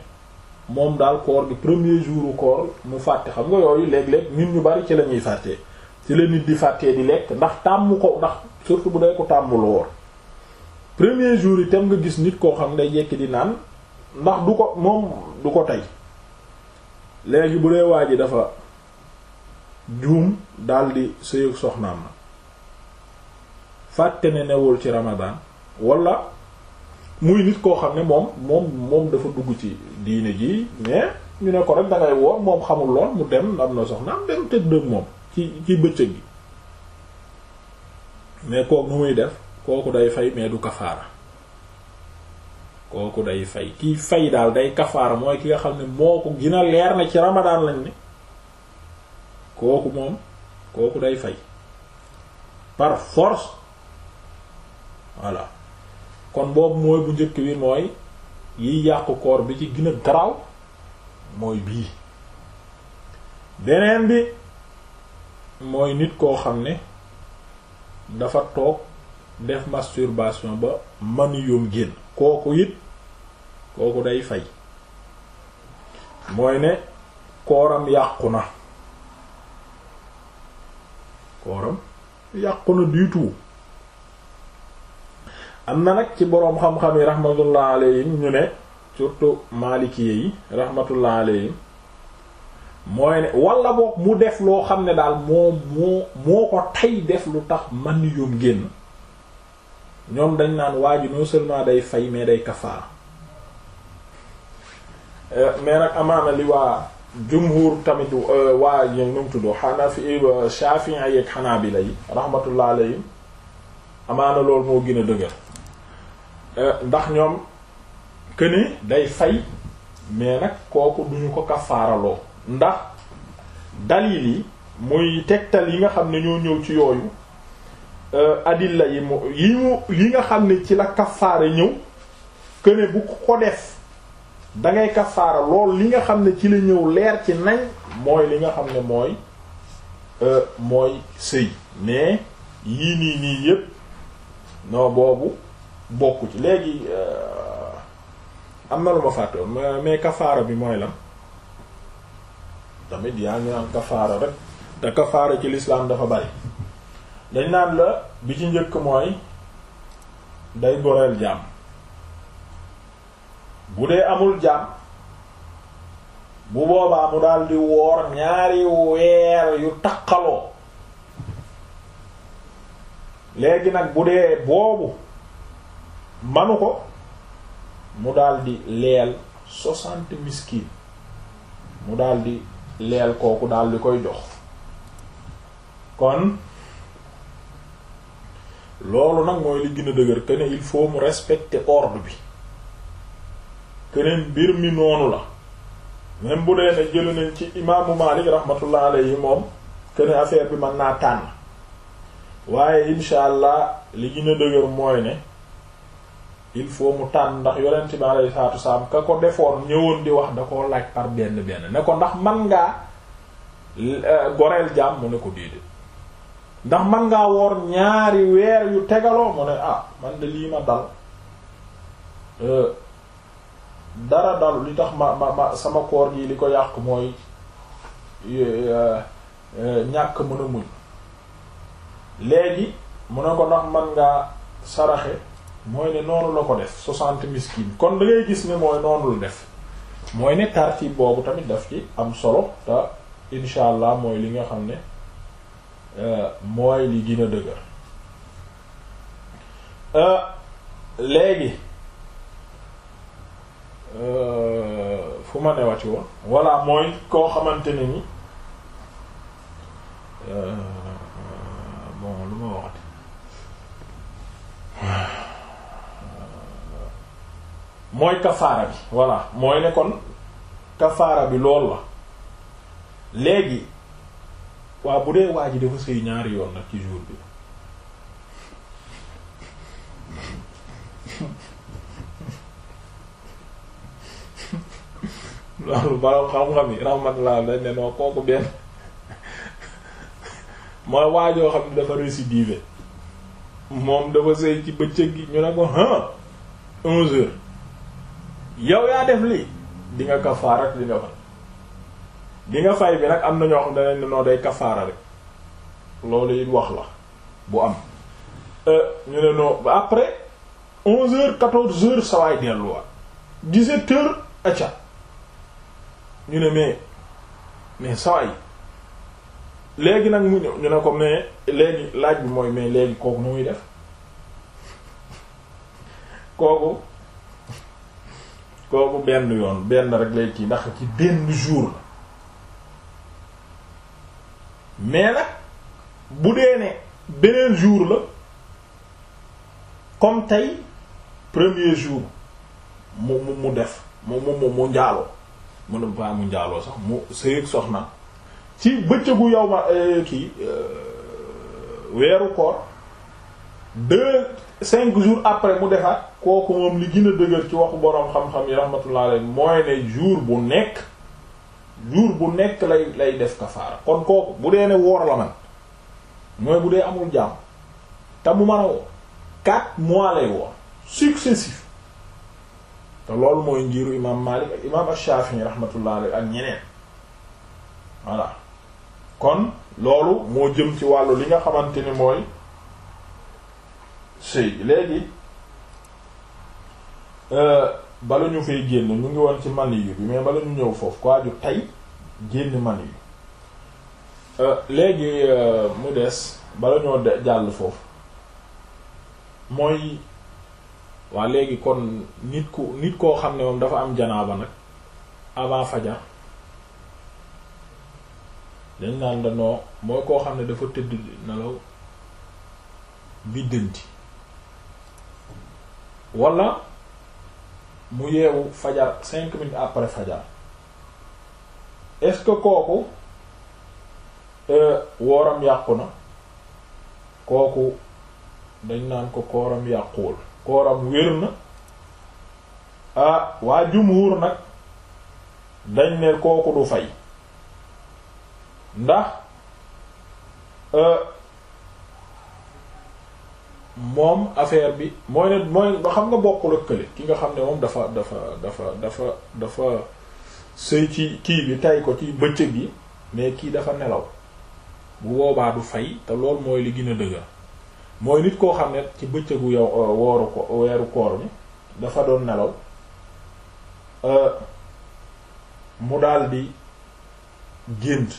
moom daal koor gi premier jour koor mu fàtte xam nga yooyu léeg-léeg nit ñu bari ci la ñuy fàttee ci la nit di fàttee di lekk ndax tàmm ko ndax surtout bu dee ko tàmmul woor premier jour yi tam nga gis nit koo xam ne day jekki di naan ndax du ko moom du ko tey léegi bu dee waa ji dafa juum daldi sëyug soxnaam na fàtte ne newul ci ramadan walla muy nit koo xam ne moom moom dafa dugg ci diine ji mais ñu ne ko rek dangay woor moom xamul lool mu dem am na soxnaam dem tëdd ak moom ci ci bëccëg gi mais kooku nu muy def kooku day fay mais du kafaara kooku day fay kiy fay daal day kafaara mooy ki nga xam ne moo ko gën leer na ci ramadaan lañ ne kooku moom kooku day fay par force voilà kon boobu mooy bu njëkk bi mooy yi yàqu koor bi ci gën a garaaw mooy bii beneen bi mooy nit koo xam ne dafa toog def masturbation ba manu yoom génn kooku it kooku day fay mooy ne kooram yàqu na kooram yàqu na am na nag ci boroom xam-xam yi rahmatullah alayhim ñu ne surtout maalikiye yi rahmatullah alayhim mooy ne walla boog mu def loo xam ne daal moo moo moo ko tey def lu tax man yoom génn ñoom dañ naan waa ji non seulement day fay mais day kafaara mais nag amaana li waa jumhur tamit euh, waa yéen nu mu tudd Hanafi euh, Shafi'i ak Hanabila yi rahmatullah alayhim amaana loolu moo gën a dëgër euh, ndax ñoom këne day fay mais nag kooku duñu ko kafaaraloo ndax dalil yi muy tegtal yi nga xam ne ñoo ñëw ci yooyu adilla yi mu yi mu yi nga xam ne ci la kafaare ñëw këne bu ko def dangay ngay kafaara lool li nga xam ne ci la ñëw leer ci nañ mooy li nga xam ne mooy euh, mooy sëy mais yii nii nii yépp non boobu bokku ci léegi euh, am na lu ma fàtte mais kafaara bi mooy lan tamit yaa ngi naan kafaara rek te kafaara ci lislaam dafa bari dañ naan la bi ci njëkk mooy day goreel jàmm bu dee amul jaan bu boobaa mu daldi woor ñaari weer yu takkaloo léegi nag bu dee boobu manu ko mu daldi leel soixante miskin mu daldi leel kooku daldi koy jox kon loolu nag mooy li gën a dëgër que il faut mu respecter ordre bi keneen mbir mi noonu la bu dee ne jëlu nañ moom affaire bi mën naa waaye insha allah li il faut mu tànn ndax yonent bi alayhi salaatu ka ko defoon ñëwoon di wax da koo laaj par benn benn ne ko ndax man ngaa eh, goreel jaam mu ne ko déedéet ndax man ngaa woor ñaari weer yu tegaloo mu ne ah man de lii ma dal eh, dara dal li ma ma ma sama koor gi li ko yàq mooy ñàkk mën a muñ léegi mu ne ko ndax man ngaa saraxe mooy ne noonu la ko def soixante miskin kon da ngay gis ne mooy noonu def mooy ne tartib boobu tamit daf ci am solo te insha mooy li nga xam ne euh, mooy li gën dëgër euh, léegi Euh, fu ma newati woon voilà mooy koo xamante ne ni euh, bon lu ma waxati euh, mooy kafaara bi voilà mooy ne kon bi lool la léegi waaw bu dee waa ji dafa sëy ñaari yoon nag ci jour bi loolu ba xam-xam yi rahmatullah dañ ne noo kooku benn mooy waajoo xam ne dafa récidivé moom dafa sëy ci bëccëg gi ñu ne ko ah onze heures yow yaa def lii di nga kafaara ak di am na ñoo rek loolu it wax la bu am euh, ñu ne noo après onze heures quatorze heures sawaay delluwaat dix heures acca ñu ne mais mais saway léegi nag mu ñu ne ko mais léegi laaj bi mooy mais léegi kooku nu muy def kooku kooku benn yoon benn rek lay kii ndax ci benn jour la mais nag bu dee ne beneen jour la comme tey premier jour mu mu mu def mu mu mu njaaloo mun mënum paa mu njaaloo sax mu sëyeeg soxna ci bëccëgu yow ma euh, kii euh, weeru koor deux cinq jours après mu defaat kooku moom li gën a dëgër ci waxu boroom xam-xam yi rahmatullah alayhi mooy ne jour bu nekk jour bu nekk lay lay def kafaara kon kooku bu dee ne woor la man mooy bu dee amul jàmm te mu mën a woor quatre mois lay woor successif te loolu mooy njiiru imaam Maalik ak imaam Shaafi'i rahmatullah alayhi ak ñeneen voilà kon loolu moo jëm ci wàllu li nga xamante ni mooy sëy léegi euh, bala ñu fay génn ñu ngi woon ci mani yi bi mais bala ñu ñëw foofu ko aju tey génn mani yu euh, léegi euh, mu des bala ñoo jàll foofu mooy waa léegi kon nit ku nit koo xam ne moom dafa am janaaba nag avant fajar dañ naan la mooy koo xam ne dafa tëdd nelaw biddanti wala mu yeewu fajar cinq minutes après fajar est-ce que kooku euh, wooram yàqu na kooku dañ naan ko kooram yàquwul kooram wér na ah waa jumhur nag dañ ne kooku du fay ndax e, moom affaire bi mooy ne mooy xam nga bokkul ak kële ki nga xam ne moom dafa dafa dafa dafa dafa sëy ci kii bi tay ko ci bëccëg yi mais kii dafa nelaw bu boobaa du fay te loolu mooy li gën a dëgër mooy nit koo xam ne ci bëccëgu yow euh, wooru ko weeru koor mi dafa doon nelaw euh, mu daldi gént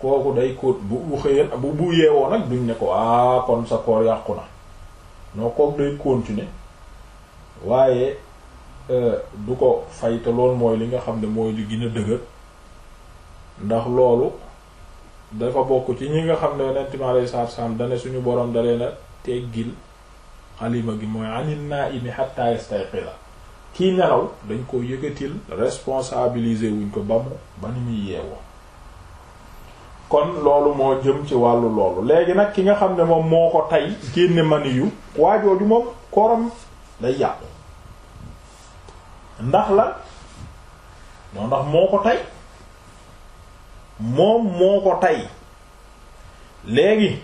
kooku day ko bu bu xëyeen bu bu yeewoo nag duñ ne ko ah kon sa koor yàqu na non kooku day continuer waaye euh, du ko fay loolu mooy li nga xam ne mooy li gën a dëgër ndax loolu dafa bokk ci ñi nga xam ne yonent mi alayhi salaatu salaam dane suñu borom da leen a teggil xalima gi mooy anil naa'imi hattaa yastayqida kii nelaw dañ koo yëgatil responsabiliser wuñ ko ba mu ba ni muy yeewoo kon loolu moo jëm ci wàllu loolu léegi nag ki nga xam ne moom moo ko tey génne maniyu waajooju moom kooram day yàqu ndax la ñoo ndax moo ko tey moom moo ko tey léegi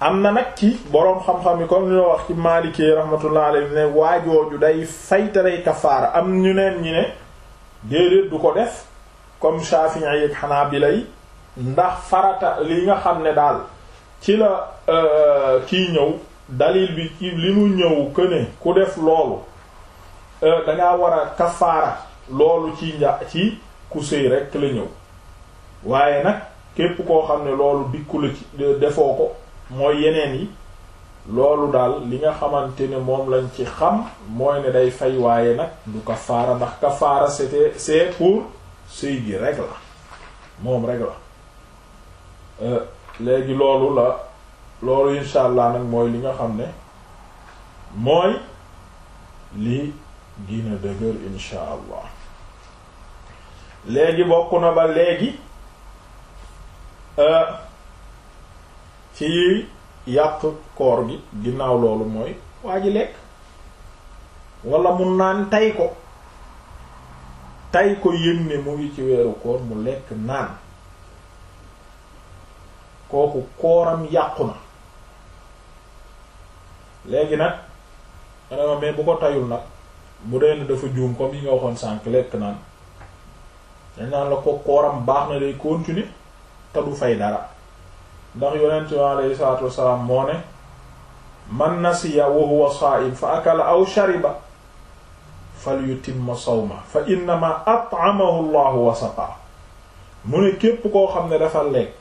am na nag ci boroom xam-xam yi comme ñu wax ci maalikee rahmatullah alayhi ne waajooju day fayta day kafaara am ñu neen ñi ne déedéet du ko def comme Shafi'i ak Hanabila yi ndax farata li nga xam ne daal ci la euh, kii ñëw dalil bi ci li mu ñëw que ne ku def loolu euh, dangaa war a kafaara loolu ci nja ci ku sëy rekk la ñëw waaye nag képp koo xam ne loolu dikku la ci defoo ko mooy yeneen yi loolu daal li nga xamante ne moom lañ ci xam mooy ne day fay waaye nag du kafaara ndax kafaara c'était c'est pour sëy gi rek la moom rek la euh, léegi loolu la loolu insha mooy li nga xam ne mooy li gina dëgër insha allah léegi bokk na ba léegi Euh, ci yàq koor gi ginnaaw loolu mooy waa ji lekk wala mu naan tay ko tay ko yën mu ngi ci weeru koor mu lekk naan kooku kooram yàqu na léegi nag anama mais bu ko tayul nag bu dee ne dafa juum ko yi nga waxoon sànq lekk naan dañ naan la ko kooram baax na day continuer te du fay dara ndax yonent bi aleyhi moo ne man nasiya wa huwa saa'im fa akala aw shariba falyutimma sawma fa innama at'amahu llahu wa mu ne képp koo xam ne dafa lekk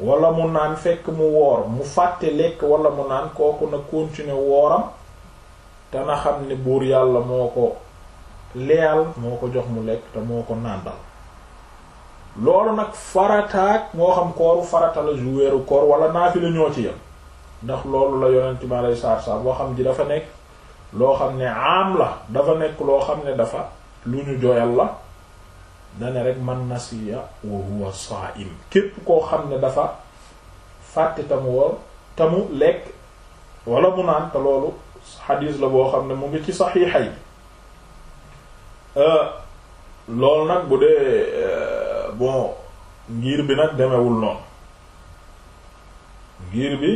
wala mu naan fekk mu woor mu fàtte lekk wala mu naan kooku na continuer wooram te na xam ne buur yàlla moo ko leyal moo ko jox mu lekk te moo ko nàndal loolu nag farataak moo xam kooru farata la ju weeru koor wala naafila ñoo ci yam ndax loolu la yonent mi alayhi salaatu salaam boo xam ji dafa nekk loo xam ne am la dafa nekk loo xam ne dafa lu ñu joyal la dane rek man nasiya wa huwa saa'im képp koo xam ne dafa fàtte tamu woor tamu lekk wala mu naan te loolu xadiis la boo xam ne mu ngi ci saxiixa yi euh, loolu nag bu dee euh, bon ngir bi nag demewul noonu ngir bi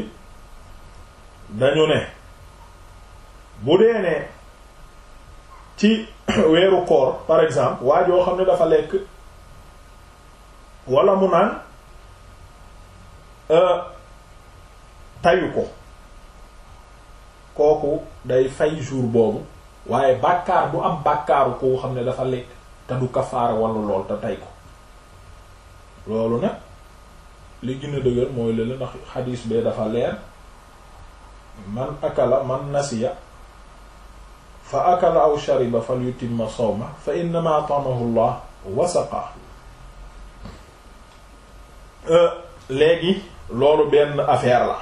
dañu ne bu dee ne ci [CLEARS THROAT] weeru koor par exemple waa joo xam ne dafa lekk wala mu naan euh, tayu ko kooku day fay jour boobu waaye bàkkaar bu am bàkkaaru koo xam ne dafa lekk te du kafaara wala lool te tay ko loolu nag li gën dëgër mooy lële xadiis bee dafa leer man akala man nasiya fa akala aw shariba fal yutimma ma fa innama atamahu llah wa euh, léegi loolu benn affaire la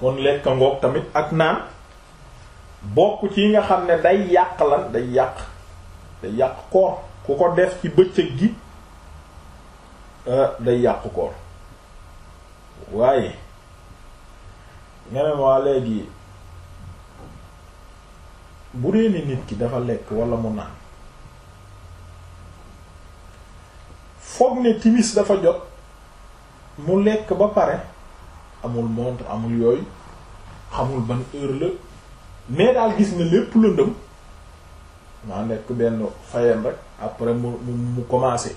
kon lekk ngoog tamit ak naan bokk ci nga xam ne day yàq lan day yàq day yàq koor ku ko def ci bëccëg gi day yàqu koor waaye nga ne léegi bu dee ni nit ki dafa lekk wala mu naan foog ne timis dafa jot mu lekk ba pare amul montre amul yooyu xamul ban heure la mais daal gis na lépp lëndëm maa nekk benn fayeen rek après mu mu commencé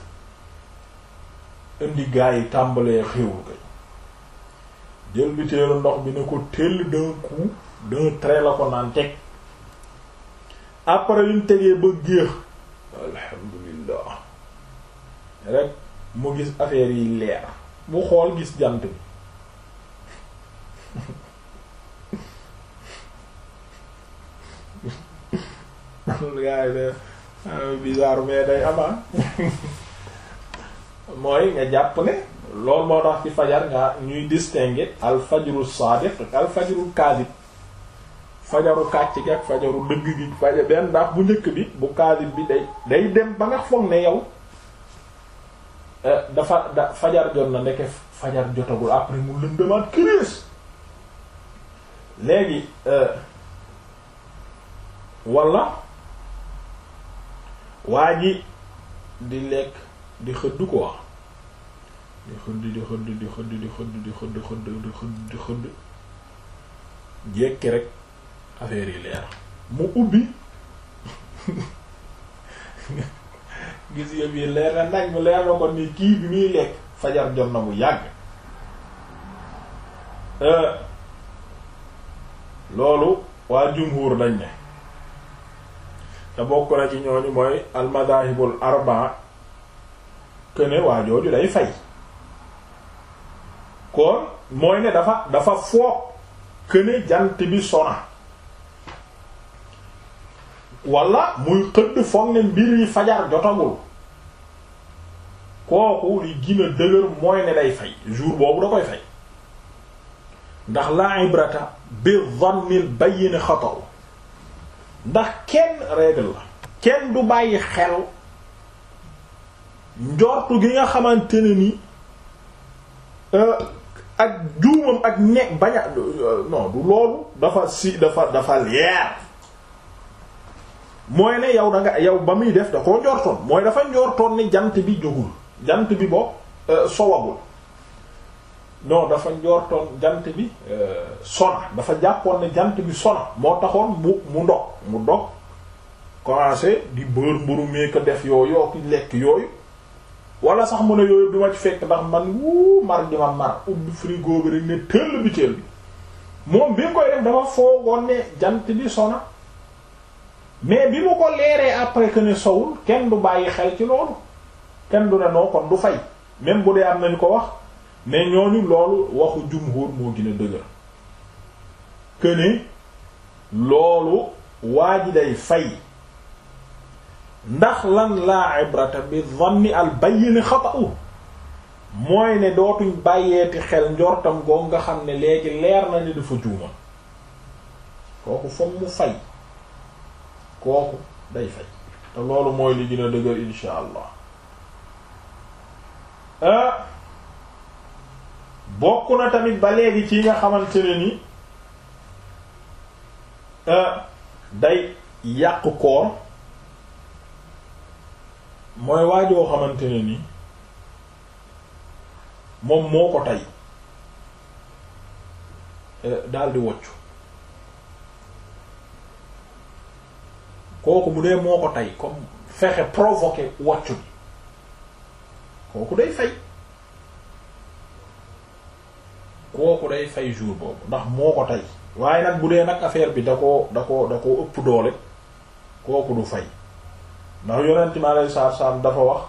indi gaa yi tàmbalee xéwul kay jël biteelu ndox bi ne ko tëll d'un coup d'un trait la ko naan teg après liñ tegee ba géex alhamdulillah rek mu gis affaire yi leer mu xool gis jant bi [LAUGHS] gaa yi ne ah, bizarre day ama ah. [LAUGHS] mooy nga jàpp ne loolu moo tax ci fajar nga ñuy distinguer al fajru saadiq al fajru kaadib fajaru kàcc gi fajaru dëgg gi fajar benn ndax bu njëkk bi bu kaadib bi day dem ba nga foog ne yow eh, dafa da fajar jot na ndeke fajar jotagul après mu lëndëmaat crise léegi eh, walla waa ji di lekk di xëddu ko wax di xëdd di xëdd di xëdd di xëdd di xëdd di xëdd di xëdd jekki rek affaire leer mu ubbi [LAUGHS] gis nga bii leer na nañ leer na ko ni kii bi muy lekk fajar jot na bu yàgg euh, loolu waa jumhur dañ ne te bokk na ci ñooñu mooy almadahibul arba këne waa jooju day fay kon mooy ne dafa dafa foog këne jant bi sona wala muy xëdd foog ne mbir yi fajar jotagul kooku li gën dëgër mooy ne day fay jour boobu da koy fay ndax la ibrata bi dhammil bayyin xataw ndax kenn règle la kenn du bàyyi xel njortu gi nga xamante ni euh, ak juumam ak ne bañ a du loolu dafa si dafa dafa leer mooy ne yow da nga yow ba muy def da koo njortoon mooy dafa njortoon ni jant bi jógul jant bi bo euh, sowagul non dafa njortoon jant bi euh, sona dafa jàppoon ne jant bi sona moo taxoon mu mu ndog mu ndog commencé di bër mburu mee ko def yooyu yoo yooyu wala sax mu ne yooyu du ma ci fekk ndax man wuu mar gi ma mar ubbi frigo bi rek ne tëll bi tëll moom bi nga koy def dama foogoon ne jant bi sona mais bi mu ko leeree après que sowul kenn du bàyyi xel ci loolu kenn du ne noo kon du fay même bu dee am nañu ko wax mais ñooñu loolu waxu jumhur moo gën a dëgër que loolu waa ji day fay ndax lan laa ibrata bi dhanni al bayyin xata'u mooy ne dootuñ bàyyeeti xel njortam goom nga xam ne léegi leer na ne dafa juuma kooku foog mu fay kooku day fay te loolu mooy li gën dëgër insha allah euh, bokk na tamit ba léegi ci nga xamante ne ni euh, day yàqu koor mooy waajoo xamante ne ni moom moo ko tey eh, daldi woccu kooku bu dee moo ko tay comme fexe provoquer woccu bi kooku day fay kooku day fay jour boobu ndax moo ko tey waaye nag bu dee nag affaire bi da koo da koo da koo ëpp doole kooku du fay ndax yonent mi alayhi salaatu salaam dafa wax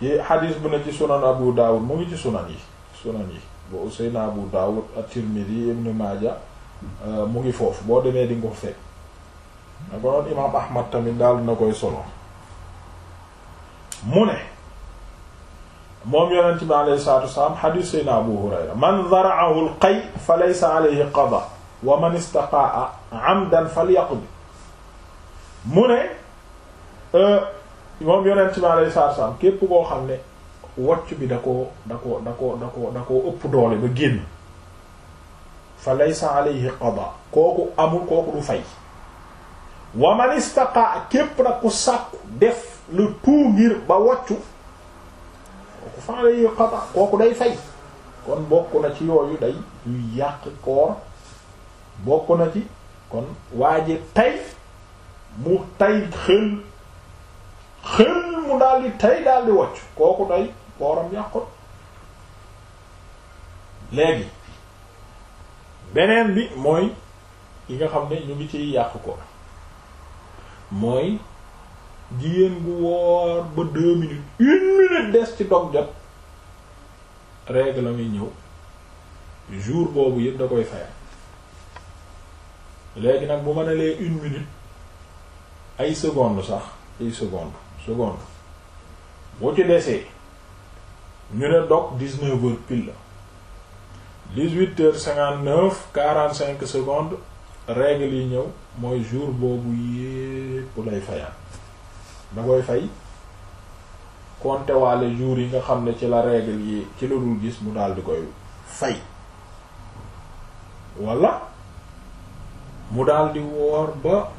ci xadiis bu ne ci sunan abu daawud mu ngi ci sunan yi sunan yi boo Seydina abu daawud at-Tirmidhi ibnu Maaja euh, mu ngi foofu boo demee di nga ko fekk na ko noon ahmad tamit daal na koy solo mu ne moom yonent mi alayhi salaatu salaam xadiis Seydina abu hurayra man zara'ahu al-qay fa laysa alayhi qada wa man istaqaa'a amdan falyaqdi mu ne Euh, moom yonent bi alayhi salaam képp koo xam ne wocc bi da koo da ko da ko da ko da koo ëpp doole ba génn fa laysa alayhi qada kooku amul kooku du fay wa képp nag ku sàkku def lu tout ngir ba woccu kooku fa alayhi qada kooku day fay kon bokk na ci yooyu day yu yàq koor bokk na ci kon waa tey mu tey xel xel mu daal di tey daal di wocc kooku day booram yàqut léegi beneen bi mooy yi nga xam ne ñu ngi ciy yàq ko mooy jigéen gu woor ba deux minutes une minute des ci dog jot règle la ñëw jour boobu yëpp da koy fayal léegi nag bu ma lee une minute ay seconde sax ay seconde seconde boo ci desee ñu ne dog dix-neuf la dix-huit heures cinquante-neuf quarante-cinq secondes règle yi ñëw mooy jour boobu yépp lay fayaan da koy fay compter waale jour yi nga xam ne ci la règle yi ci la dul gis mu daal di koy fay walla mu dal di woor ba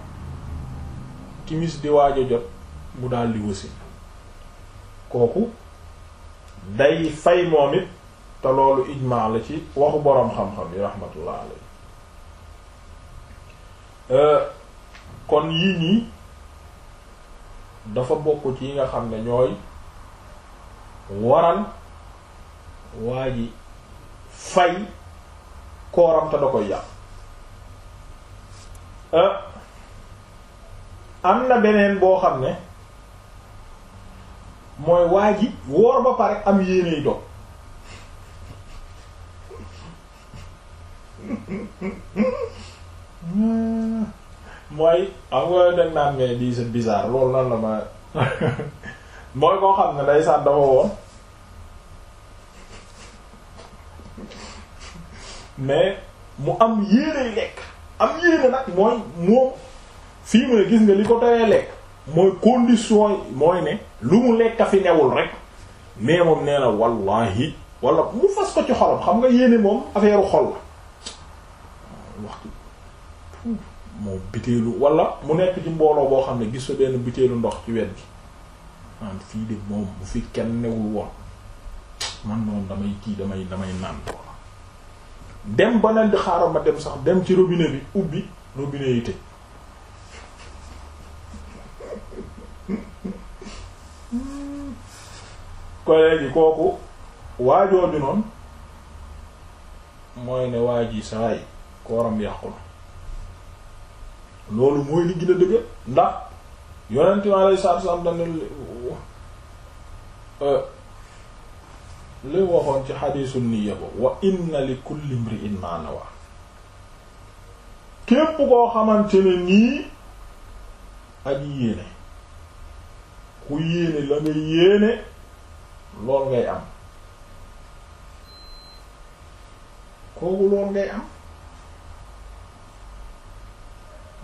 timis di waaj a jot mu daldi di kooku day fay moom it te loolu ijmaa la ci waxu boroom xam-xam yi rahmatullah alayhi euh, kon yii nii dafa bokk yi nga xam ne ñooy waral waa ji fay kooram te da koy yàq euh, am na beneen boo xam ne mooy waa ji woor ba pare am yéeney dog mooy am nga dañ naan ngay di c'est bizarre loolu nan ma [LAUGHS] mooy koo xam ne day saan dafa woon mais mu am yéeney lekk am yéene ne gis nga li ko tawee mooy condition yi mooy ne lu mu lekk fi newul rek mais moom nee na wallahi wala mu fas ko ci xolam xam nga yéene moom affaire xol la waxtu moom biteelu wala mu nekk ci mbooloo boo xam ne gis fa benn biteelu ndox ci wet gi naan fii de moom bu fi kenn newul woon man moom damay kii damay damay naan dem ba nag di xaaral ma dem sax dem ci robinet bi ubbi robinet yi tëj ko léegi kooku waajooju noonu mooy ne waa ji saay kooram yàqu loolu mooy li gën a dëgg ndax yonent mi aleyhi salaatu wa salaam euh, li waxoon ci xadiisu niyya boobu wa inna li kulli imri'in maa nawaa képp koo xamante nii ak yéene ku yéene la nga yéene lool ngay am kooku lool ngay am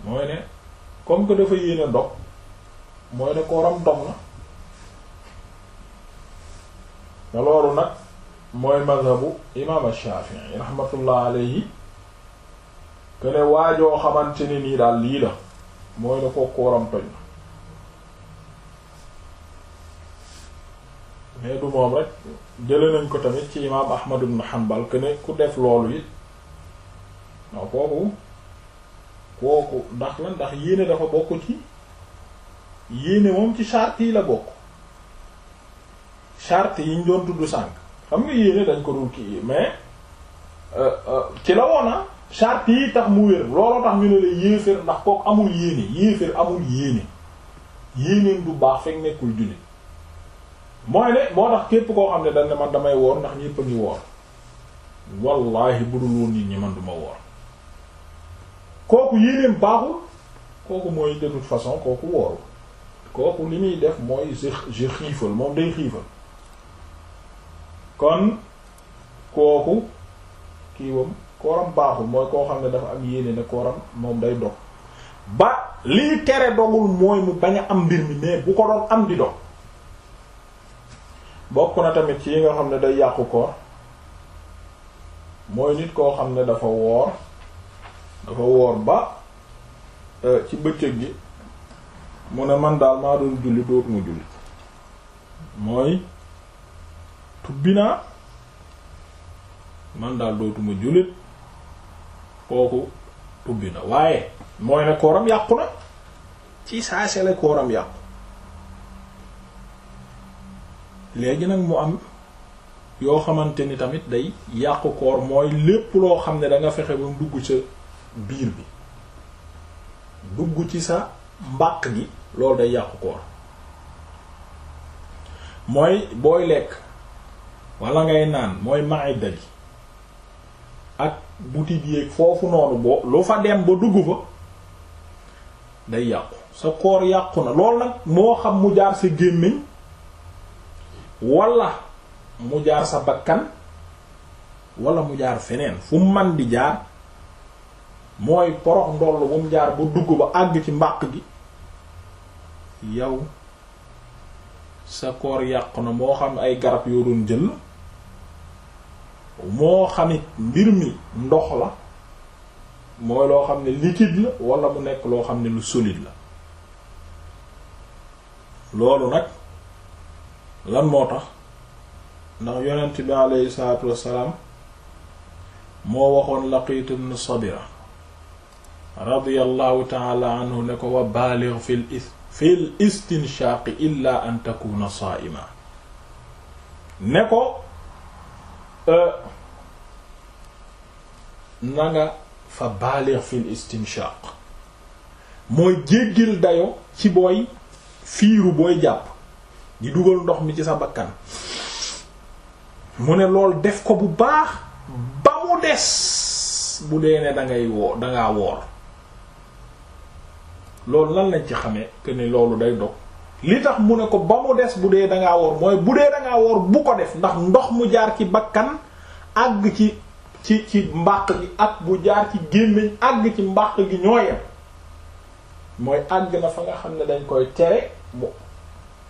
mooy ne comme que dafa yéene dog mooy ne kooram dog na te loolu nag mooy mazhabu imaam Shaafi'i rahmatullah alayhi que waajoo xamante ne nii daal lii la mooy ne ko kooram toj na mais du moom rek jële nañ ko tamit ci imaam Ahmad ibn Hanbal que ne ku def loolu it non kooku kooku ndax la ndax yéene dafa bokk ci yéene moom ci charte yi la bokk charte yi ñu doon tudd sànq xam nga yéene dañ ko dul kii mais euh, euh, ci la woona ah. charte yi tax mu wér looloo tax ñu ne la yéeféer ndax kooku amul yéene yéeféer amul yéene yéeneen du baax fekk nekkul jullit mooy ne moo tax képp koo xam ne dañ ne man damay woor ndax ñépp a ngi woor wallaahi budul woon nit ñi man duma woor kooku yéeneem baaxul kooku mooy de toute façon kooku wooru kooku li muy def mooy je je xiifal moom day xiifal kon kooku kiiwam kooram baaxul mooy koo xam ne dafa am yéene ne kooram moom day dog ba liy tere dogul mooy mu bañ a am mbir mi mais bu ko doon am di dog bokk na tamit ci yi nga xam ne day yàqu koor mooy nit koo xam ne dafa woor dafa woor ba euh, ci bëccëg gi mu ne man daal maa doon julli dootuma julli mooy tubbi naa man daal dootuma jullit kooku tubbi na waaye mooy ne kooram yàqu na ci saase la kooram yàqu léegi nag mu am yoo xamante ni tamit day yàq koor mooy lépp loo xam ne danga nga fexe ba mu dugg sa biir bi dugg ci sa mbàq gi loolu day yàq koor mooy booy lekk wala ngay naan mooy maida bi ak buti bi foofu noonu boo lu fa dem ba dugg fa day yàqu sa koor yàqu na lool nag moo xam mu jaar sa gémmiñ wala mu jaar sa bakkan wala mu jaar feneen fu man di jaar mooy porox ndoll bu mu jaar bu dugg ba àgg ci mbàq gi yow sa koor yàqu na moo xam ay garab yoo doon jël moo xamit mbir mi ndox la mooy loo xam ne liquide la wala mu nekk loo xam ne lu solide la loolu nag lan moo tax ndax yonent bi aleyhi salaatu wassalaam moo waxoon Laqiit ibn Sabira radiyallahu taala anhu ne ko wa baaligh fil is fil istinshaq illa an takuna saa'ima ne ko e, na fa baaligh fil istinshaq mooy jéggil dayo ci booy fiiru booy jàpp di dugal ndox mi ci sa bakkan mu ne lool def ko bu baax ba mu des bu dee ne dangay woor dangaa woor loolu nan lañ ci xamee que loolu day dog li tax mu ne ko ba mu des bu dee dangaa woor mooy bu dee dangaa woor bu ko def ndax ndox mu jaar ci bakkan àgg ci ci ci mbàq gi ak bu jaar ci gémmiñ àgg ci mbàq gi ñooyam mooy àgg na fa nga xam ne dañ koy tere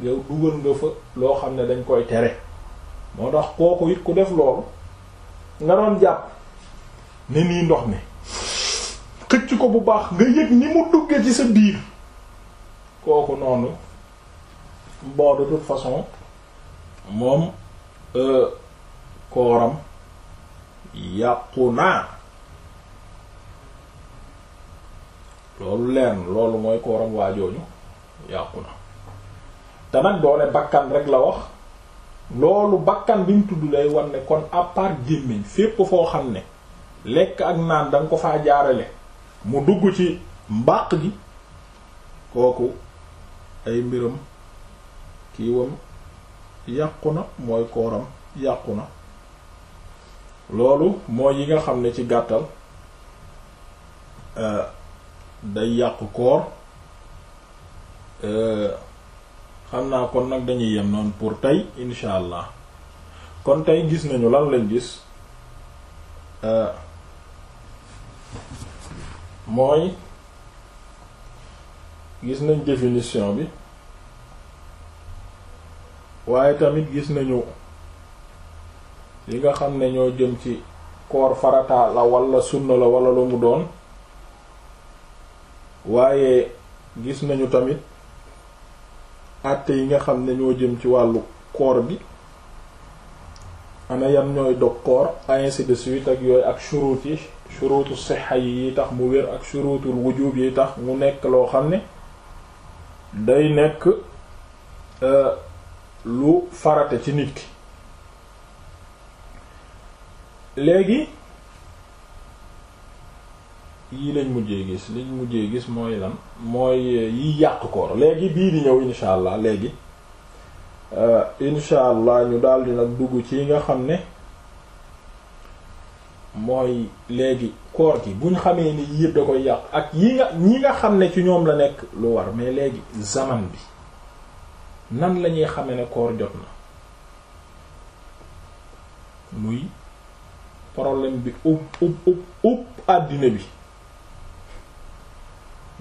yow dugal nga fa loo xam ne dañ koy tere moo tax kooku it ku def loolu nga doon jàpp ne nii ndox mi xëcc ko bu baax nga yëg ni mu duggee ci sa biir kooku noonu bon de façon moom euh, kooram yàqu naa loolu leen loolu mooy kooram waajooju yàqu na te nag doone bakkan rek la wax loolu bakkan bi mu tudd lay wan ne kon à part gémmiñ fépp foo xam ne lekk ak naan danga ko fa jaarale mu dugg ci mbàq gi kooku ay mbiram kiiwam yàqu na mooy kooram yàqu na loolu mooy yi nga xam ne ci gàttal euh, day yàqu koor euh, xam naa kon nag dañuy yem noonu pour tey incha allah kon tey gis nañu lan lañ gis euh, mooy gis nañ définition bi waaye tamit gis nañu li nga xam ne ñoo jëm ci koor farata la walla sunna la walla lu mu doon waaye gis nañu tamit àtte yi nga xam ne ñoo jëm ci wàllu koor bi ana yan ñooy dog koor ainsi de suite ak yooyu ak shuruut yi shuruutu sixa yi tax mu wér ak shuruutul wujub yi tax mu nekk loo xam ne day nekk euh, lu farate ci nit ki léegi yii lañ mujjee gis liñ mujjee gis mooy lan mooy eh, yi yàq koor léegi bii di ñëw insha allah léegi eh, insha allah ñu daldi la dugg ci nga xam ne mooy léegi koor gi buñ xamee ni yëpp da koy yàq ak yi nga ñi nga xam ne ci ñoom la nekk lu war mais léegi zaman bi nan la ñuy xamee ne koor jot na muy problème bi ub ub ub àddina bi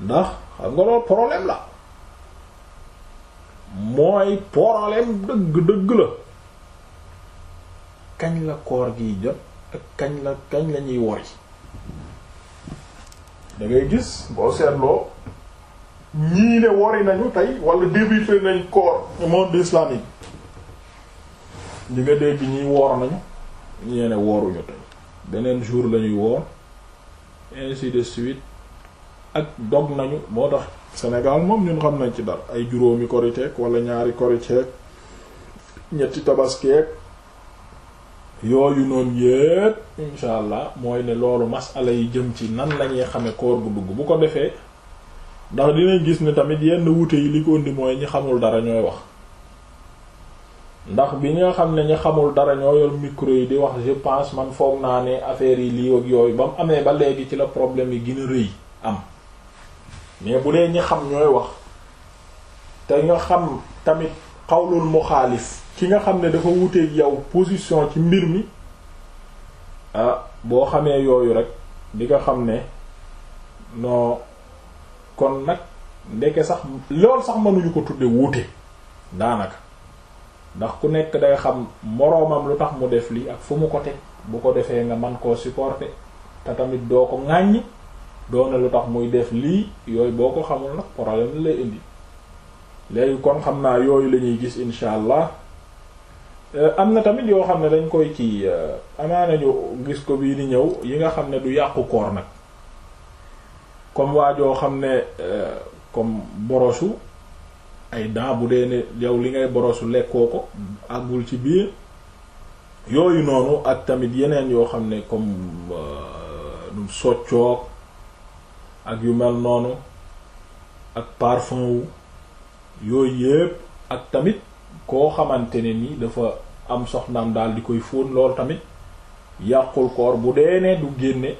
ndax xam nga loolu problème la mooy problème dëgg-dëgg la kañ la koor gi jot ak kañ la kañ la ñuy wori da gis boo seetloo ñii ne wori nañu tey wala débuté nañ koor monde islamique ñi nga dégg ñiy woor nañu ñee ne wooruñu tey beneen jour lañuy woor ainsi de suite ak dog nañu moo tax Sénégal moom ñun xam nañ ci dara ay juróomi koriteek wala ñaari koriteek ñetti tabaskeek yooyu noonu yépp insha allah mooy ne loolu masala yi jëm ci nan lañuy xame koor gu dugg bu ko defee ndax dinañ gis ni tamit yenn wuute yi li ko indi mooy ñi xamul dara ñooy wax ndax bi ñoo xam ne ñi xamul dara ñoo yor micro yi di wax je man foog naa ne affaire yi lii ak yooyu ba mu amee ba léegi ci la problème yi gën a rëy am mais bu dee ñi xam ñooy wax te nga xam tamit mu xaalis ki nga xam ne dafa wuteeg yow position ci mbir mi ah boo xamee yooyu rek di nga xam ne noo kon nag ndeke sax loolu sax mënuñu ko tudde wuute daanaka ndax ku nekk day xam moroomam lu tax mu def lii ak fu mu ko teg bu ko defee nga man koo supporter te tamit doo ko ŋàññ doona lu tax muy def lii yooyu boo ko xamul nag problème lay indi léegi kon xam naa yooyu lañuy gis insha allah euh, am na tamit yoo xam ne dañ koy ci euh, amaana ñu gis ko bii ni ñëw yi nga xam ne du yàqu koor nag comme waa joo xam ne euh, comme borosu ay dents bu dee ne yow li ngay borosu lekkoo ko àggul ci biir yooyu noonu ak tamit yeneen yoo xam ne comme num soccoog ak yu mel noonu ak parfum wu yooyu yépp ak tamit koo xamante ne ni dafa am soxnaam daal di koy fóon loolu tamit yàqul koor bu dee ne du génne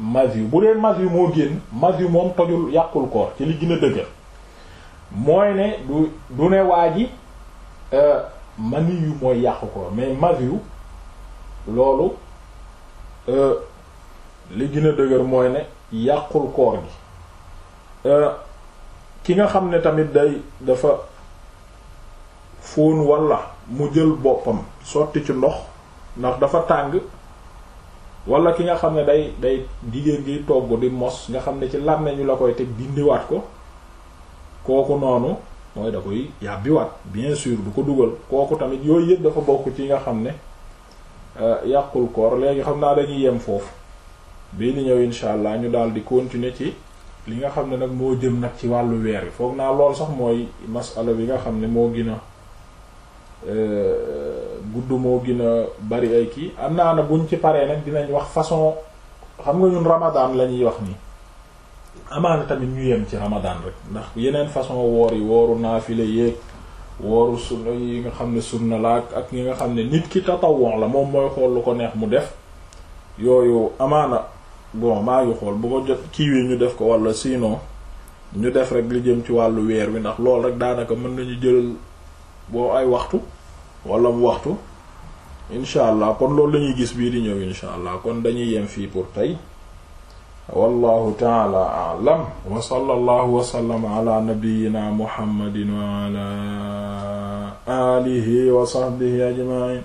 mas yu bu dee mas yu moo génn mas yu moom tojul yàqul koor ci li gën a dëgër mooy ne du du ne waa ji euh, mani yu mooy yàqu koor mais mas yu loolu euh, li gën a dëgër mooy ne yàqul koor gi euh, ki nga xam ne tamit day dafa fóon walla mu jël boppam sotti ci ndox ndax dafa tàng wala ki nga xam ne day day jigéen gi togg di mos nga xam ne ci làmmeñu la koy te bindiwaat ko kooku noonu mooy da koy yàbbiwaat bien sur du ko dugal kooku tamit yooyu yëpp dafa bokk ci nga xam ne euh, yàqul koor léegi xam naa dañuy yem foofu bii di ñëw incha allah ñu daal di continuer ci li nga xam ne nag moo jëm nag ci wàllu weer wi foog naa lool sax mooy masala bi nga xam ne moo gën a euh, gudd moo gina bari ay kii am naa na ci paree nag dinañ wax façon xam nga ñun ramadan la ñuy wax nii amaana tamit ñu yem ci ramadan rek ndax yeneen façon woor yi wooru naafile yeeg wooru sunna yi nga xam ne sunna la ak yi nga xam ne nit ki tatawon la moom mooy xool ko neex mu def yooyu amaana bon maa ngi xool bu ko jot kii wi ñu def ko wala sinon ñu def rek li jëm ci wàllu weer wi ndax loolu rek daanaka mën nañu jëlal boo ay waxtu walla bu waxtu incha allah kon loolu lañuy gis bii di ñëw incha allah kon dañuy yem fii pour tey wallahu taala a'lam wa sallallahu wa sallama ala nabiyyina muhammadin wa ala alihi wa sahbihi ajma'in